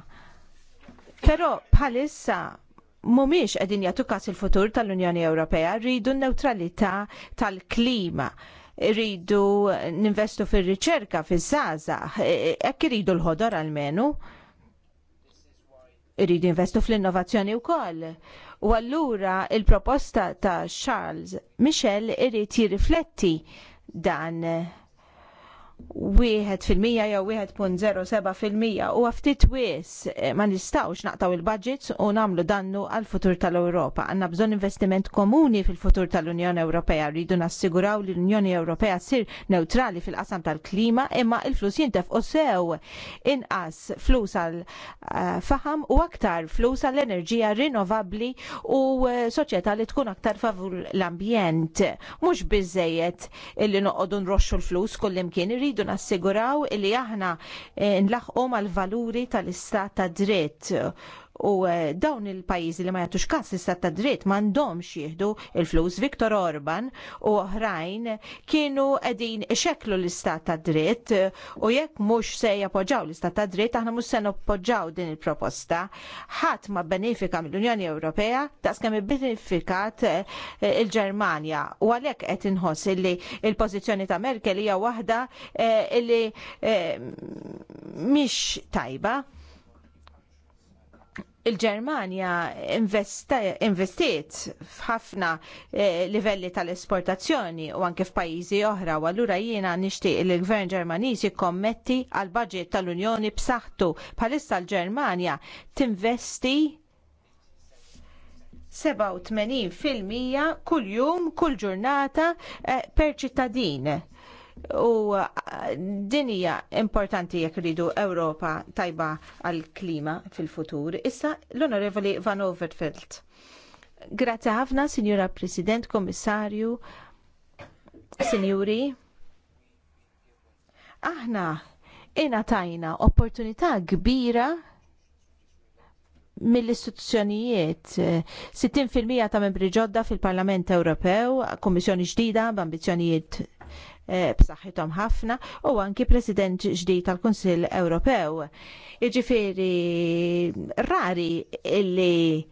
Speaker 2: Però bħalissa mumiex qegħdin jagħtu każ il-futur tal-Unjoni Ewropea, rridu n-neutralità tal-klima rridu ninvestu fir-riċerka fiż-żaza, eh, hekk iridu l-ħodor għalmenu. menu Irridu investu fl-innovazzjoni wkoll. U allura il-proposta ta' Charles Michel irrid jirrifletti dan wieħed fil-mija jew wieħed punt zero seba' fil-mija u ftit wies eh, ma nistgħux naqtaw il-budgets u nagħmlu dannu għal futur tal-Ewropa. Għandna bżonn investiment komuni fil-futur tal-Unjoni Ewropea rridu nassiguraw li l-Unjoni Ewropea ssir neutrali fil-qasam tal-klima imma il-flus u sew inqas flus għal eh, faham u aktar flus għal enerġija rinnovabbli u eh, soċjetà li tkun aktar favur l-ambjent. Mhux biżejjed illi noqogħdu nroxxu l-flus kullimkien irridu nassiguraw li aħna eh, nlaħqu mal-valuri tal-istat ta' dritt u eh, dawn il-pajjiżi li ma jagħtux kas issa ta' dritt m'għandhomx jieħdu il-flus Viktor Orban u oħrajn kienu qegħdin ixekklu l-istat ta' dritt eh, u jekk mhux se jappoġġaw l-istat ta' dritt aħna mhux se nappoġġaw din il-proposta. Ħadd ma benefika mill-Unjoni Ewropea daqskemm ibbenefikat eh, il-Ġermanja u għalhekk qed inħoss li il-pożizzjoni ta' Merkel hija waħda li mhix tajba il germania investiet f'ħafna eh, livelli tal-esportazzjoni u anke f'pajjiżi oħra u allura jiena nixtieq li l-Gvern Ġermaniż jikkommetti għal budget tal-Unjoni b'saħħtu bħalissa l ġermania tinvesti 87% kull jum, kull ġurnata eh, per ċittadin u eh, dinija importanti jekk ridu Ewropa tajba għal-klima fil-futur. Issa l-Onorevoli Van Overfeld. Grazie ħafna, Signora President, Kommissarju, Signori. Aħna tajna opportunità kbira mill-istituzzjonijiet 60% ta' membri ġodda fil-Parlament Ewropew, Kommissjoni ġdida b'ambizzjonijiet Eh, b'saħħithom ħafna u anki President ġdid tal-Kunsill Ewropew. Iġifieri rari illi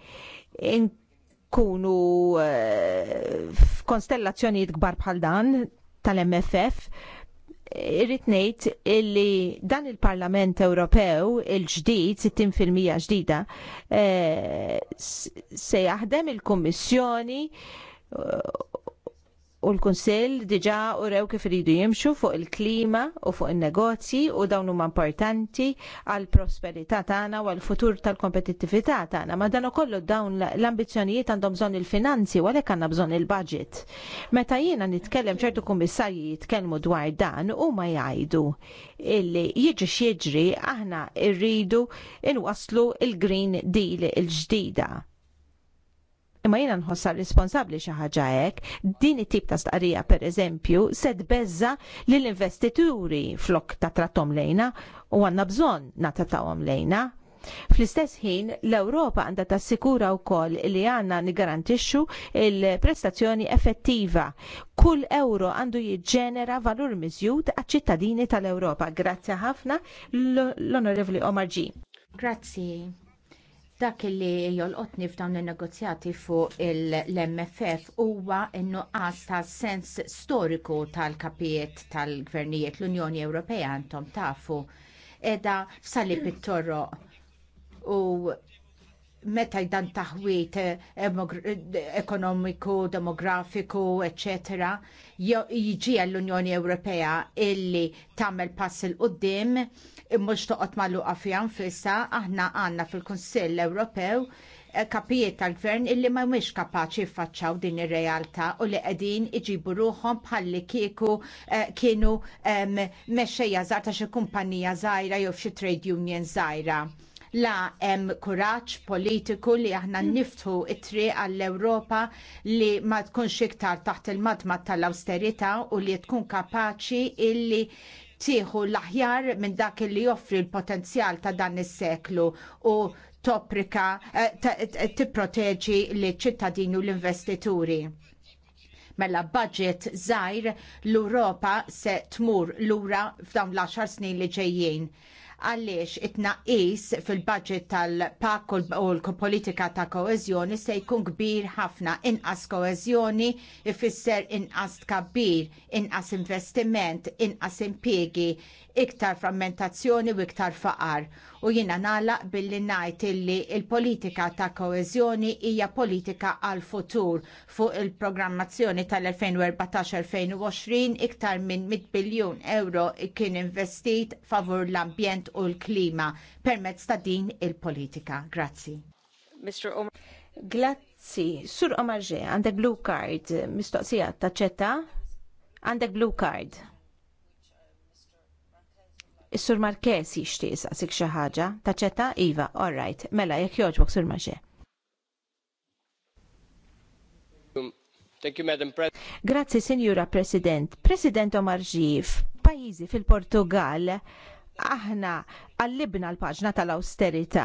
Speaker 2: nkunu eh, f'konstellazzjonijiet kbar bħal dan tal-MFF irrit ngħid illi dan il-Parlament Ewropew il-ġdid 60% ġdida eh, se jaħdem il-Kummissjoni u l-Kunsill diġa u rew kif iridu jimxu fuq il-klima u fuq il-negozji u dawn huma importanti għal prosperità tagħna u għall futur tal-kompetittività tagħna. Ma dan ukoll dawn l-ambizzjonijiet għandhom bżonn il-finanzi u għalhekk għandna bżonn il-budget. Meta jiena nitkellem ċertu kummissarji jitkellmu dwar dan huma jgħidu illi jiġi x'jiġri aħna rridu inwaslu il-Green Deal il-ġdida imma jiena nħossar responsabbli xi ħaġa hekk, din it-tip ta' stqarrija pereżempju se li lill-investituri flok ta' trattom lejna u għandna bżonn natatawhom lejna. Fl-istess ħin, l-Ewropa għandha u wkoll li għandna nigarantixxu il-prestazzjoni effettiva. Kull euro għandu jiġġenera valur miżjud għaċ-ċittadini tal-Ewropa. Grazzi ħafna l-Onorevoli Omar G. Grazzi. Dak li
Speaker 3: jolqotni f'dawn in-negozjati fuq l-MFF huwa n-nuqqas ta' sens storiku tal-kapijiet tal-gvernijiet l-Unjoni Ewropea għandhom tafu edha f'salib it toroq u meta jdan taħwit eh, ekonomiku, demografiku, etc. jiġi għall-Unjoni Ewropea illi tagħmel pass il qudiem imma toqgħod magħluqa fiha nfisha aħna għandna fil-Kunsill Ewropew eh, kapijiet tal-gvern illi ma mhux kapaċi jiffaċċaw din ir-realtà u li qegħdin iġibu ruħhom bħalli kieku eh, kienu mexxejja żgħar ta' xi kumpanija żgħira jew xi trade union żgħira la hemm kuraġġ politiku li aħna niftħu it-triq għall-Ewropa li ma tkunx iktar taħt il-madma tal awsterità u li tkun kapaċi illi tieħu l-aħjar minn dak li joffri l-potenzjal ta' dan is-seklu u toprika eh, eh, tipproteġi li ċittadini u l-investituri. Mela budget żgħir l-Europa se tmur lura f'dawn l-10 snin li ġejjin għaliex it-naqis fil-budget tal-pak u l-politika ta' koezjoni se jkun kbir ħafna inqas koezjoni ifisser inqas tkabbir, inqas investiment, inqas impiegi, iktar frammentazzjoni u iktar faqar. U jina nalaq billi najt illi il-politika ta' koezjoni hija politika għal futur fuq il-programmazzjoni tal-2014-2020 iktar minn 100 biljun euro kien investit favur l-ambjent u l-klima permezz ta' din il-politika. Grazzi.
Speaker 2: Mr. Omar. Grazzi. Sur Omarġe, għandek blue card, mistoqsija taċċetta? Għandek blue card. Is-Sur Marquesi jixtieq isaqsik xi ħaġa, taċċetta iva, all right, mela jekk jogħġbok Sur Marxe.
Speaker 3: Thank you, Madam President.
Speaker 2: Grazzi, Sinjura President. President Omar Ġif, pajizi fil-Portugal, aħna qallibna l-paġna tal-austerita,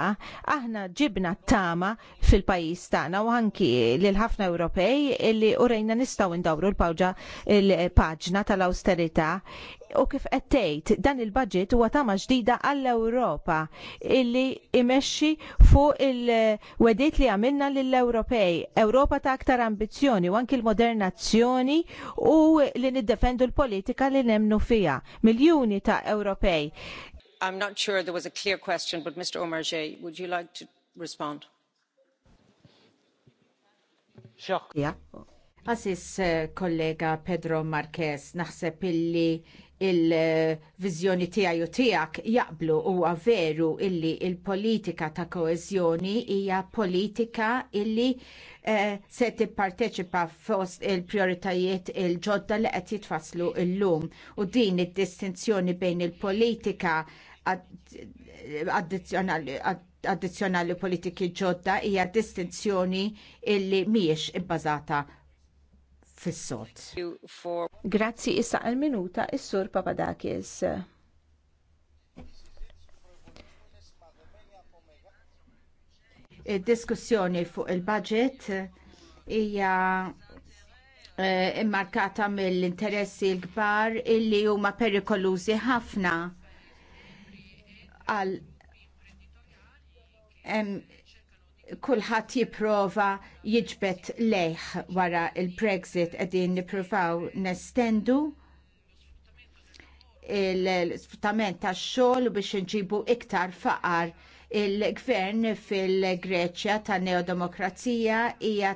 Speaker 2: aħna ġibna t-tama fil-pajis tagħna u anki lil ħafna Ewropej li urejna nistgħu ndawru l-pawġa l-paġna tal-austerita u kif qed tgħid dan il-budget huwa tama ġdida għall-Ewropa illi imexxi fuq il wedet li għamilna lill-Ewropej. Ewropa ta' aktar ambizzjoni u anki l-modernazzjoni u li niddefendu l-politika li nemnu fija. Miljuni ta' Ewropej i'm not sure there was a clear question but mr omarjee would you like to respond?
Speaker 3: Yeah. Eh, kollega Pedro Marquez, naħseb illi il-vizjoni tiegħi u tiegħek jaqblu huwa veru illi il-politika ta' koeżjoni hija politika illi eh, se tipparteċipa fost il-prioritajiet il-ġodda li qed jitfasslu llum u din id-distinzjoni bejn il-politika il politika addizzjonali politiki ġodda hija distinzjoni illi mhijiex ibbażata fis-sot.
Speaker 2: Grazzi issa għal minuta is-sur Papadakis.
Speaker 3: Diskussjoni fuq il-budget hija eh, immarkata mill-interessi l-kbar illi huma perikolużi ħafna għal kullħat jipprova jiġbet leħ wara il-Brexit qegħdin nippruvaw nestendu il-sfruttament tax-xogħol biex nġibu iktar faqar il-gvern fil-Greċja ta' neodemokrazija hija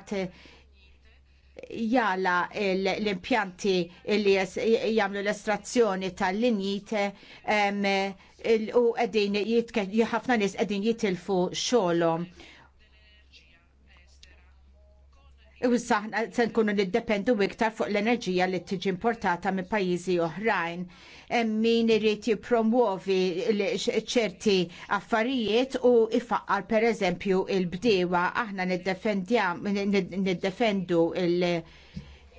Speaker 3: jala l-impjanti li jagħmlu l-estrazzjoni tal-linjite u qegħdin ħafna nies qegħdin jitilfu xogħolhom. U saħna se nkunu niddependu iktar fuq l-enerġija li tiġi importata minn pajjiżi oħrajn. Min irid jippromuovi ċerti affarijiet u ifaqqar pereżempju il-bdewa aħna niddefendu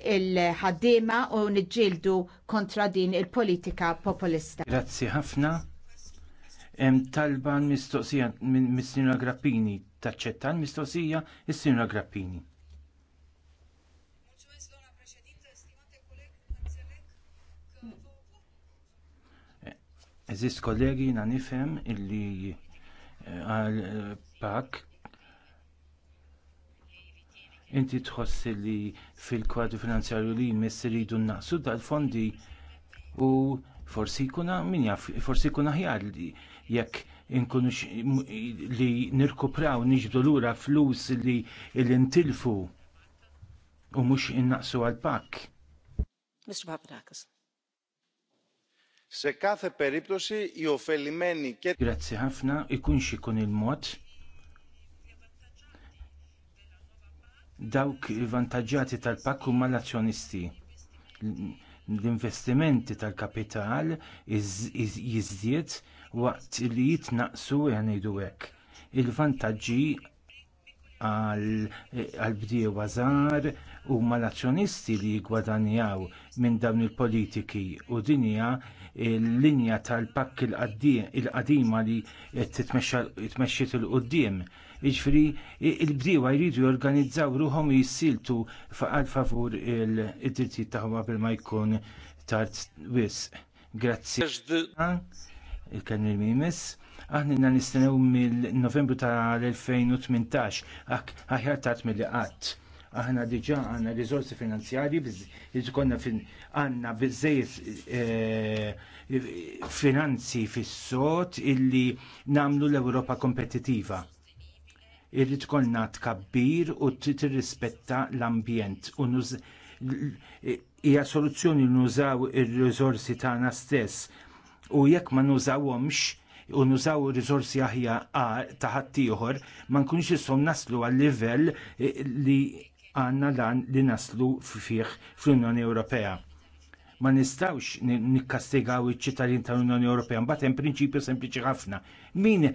Speaker 3: il-ħaddiema u niġġieldu kontra din il-politika populista.
Speaker 1: Grazzi ħafna talba mistoqsija minn Sinjura Grappini taċċetta mistoqsija is-Sinjura Grappini. Eżist kollegi na nifhem illi eh, għal eh, pak inti tħossi li fil-kwadru finanzjarju li jmiss iridu naqsu dal-fondi u forsi kuna min jaf, forsi kuna ħjar li jekk inkunux li nirkupraw niġdu lura flus li l-intilfu u mhux innaqsu għal-pak. Mr. Papadakis. Se κάθε periptosi i ωφελημένη και... Grazie ħafna, ikun xikun il-mod. Dawk vantaġġati tal-pakku mal-azzjonisti. L-investimenti tal-kapital jizdiet iz waqt li jitnaqsu jgħanidu hekk. Il-vantaġġi għal-bdiewa żgħar u mal-azzjonisti li jgwadanjaw minn dawn il-politiki u dinja l-linja tal-pakk il-qadima li titmexxiet il-qoddim. Jiġifieri il-bdiewa jridu jorganizzaw ruhom jissiltu għal favur id-drittijiet tagħhom qabel ma jkun tard wisq. Grazzi il-kelmi mimis, aħna nistenew mill-Novembru tal-2018, aħjar tat mill qatt. Aħna diġa għanna rizorsi finanzjari, konna għanna bizzejiet eh, finanzi fis-sot illi namlu l-Europa kompetitiva irrid konna tkabbir u tirrispetta l-ambjent u hija soluzzjoni nużaw rizorsi ta' tagħna stess u jekk ma nużawhomx u nużaw risorsi aħja ta' ħaddieħor ma nkunx nistgħu naslu għal livell eh, li għandna dan li naslu fih fl-Unjoni Ewropea. Ma nistawx nikkastigaw iċ-ċittadin tal-Unjoni Ewropea, mbagħad hemm prinċipju sempliċi ħafna. Min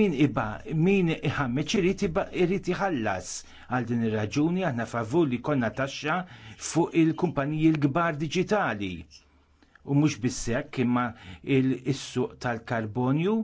Speaker 1: min iba, min iħammeċ irrit irrit iħallas għal din ir-raġuni aħna favur li konna taxxa fuq il-kumpaniji l-kbar diġitali u mhux biss hekk imma il-suq tal-karbonju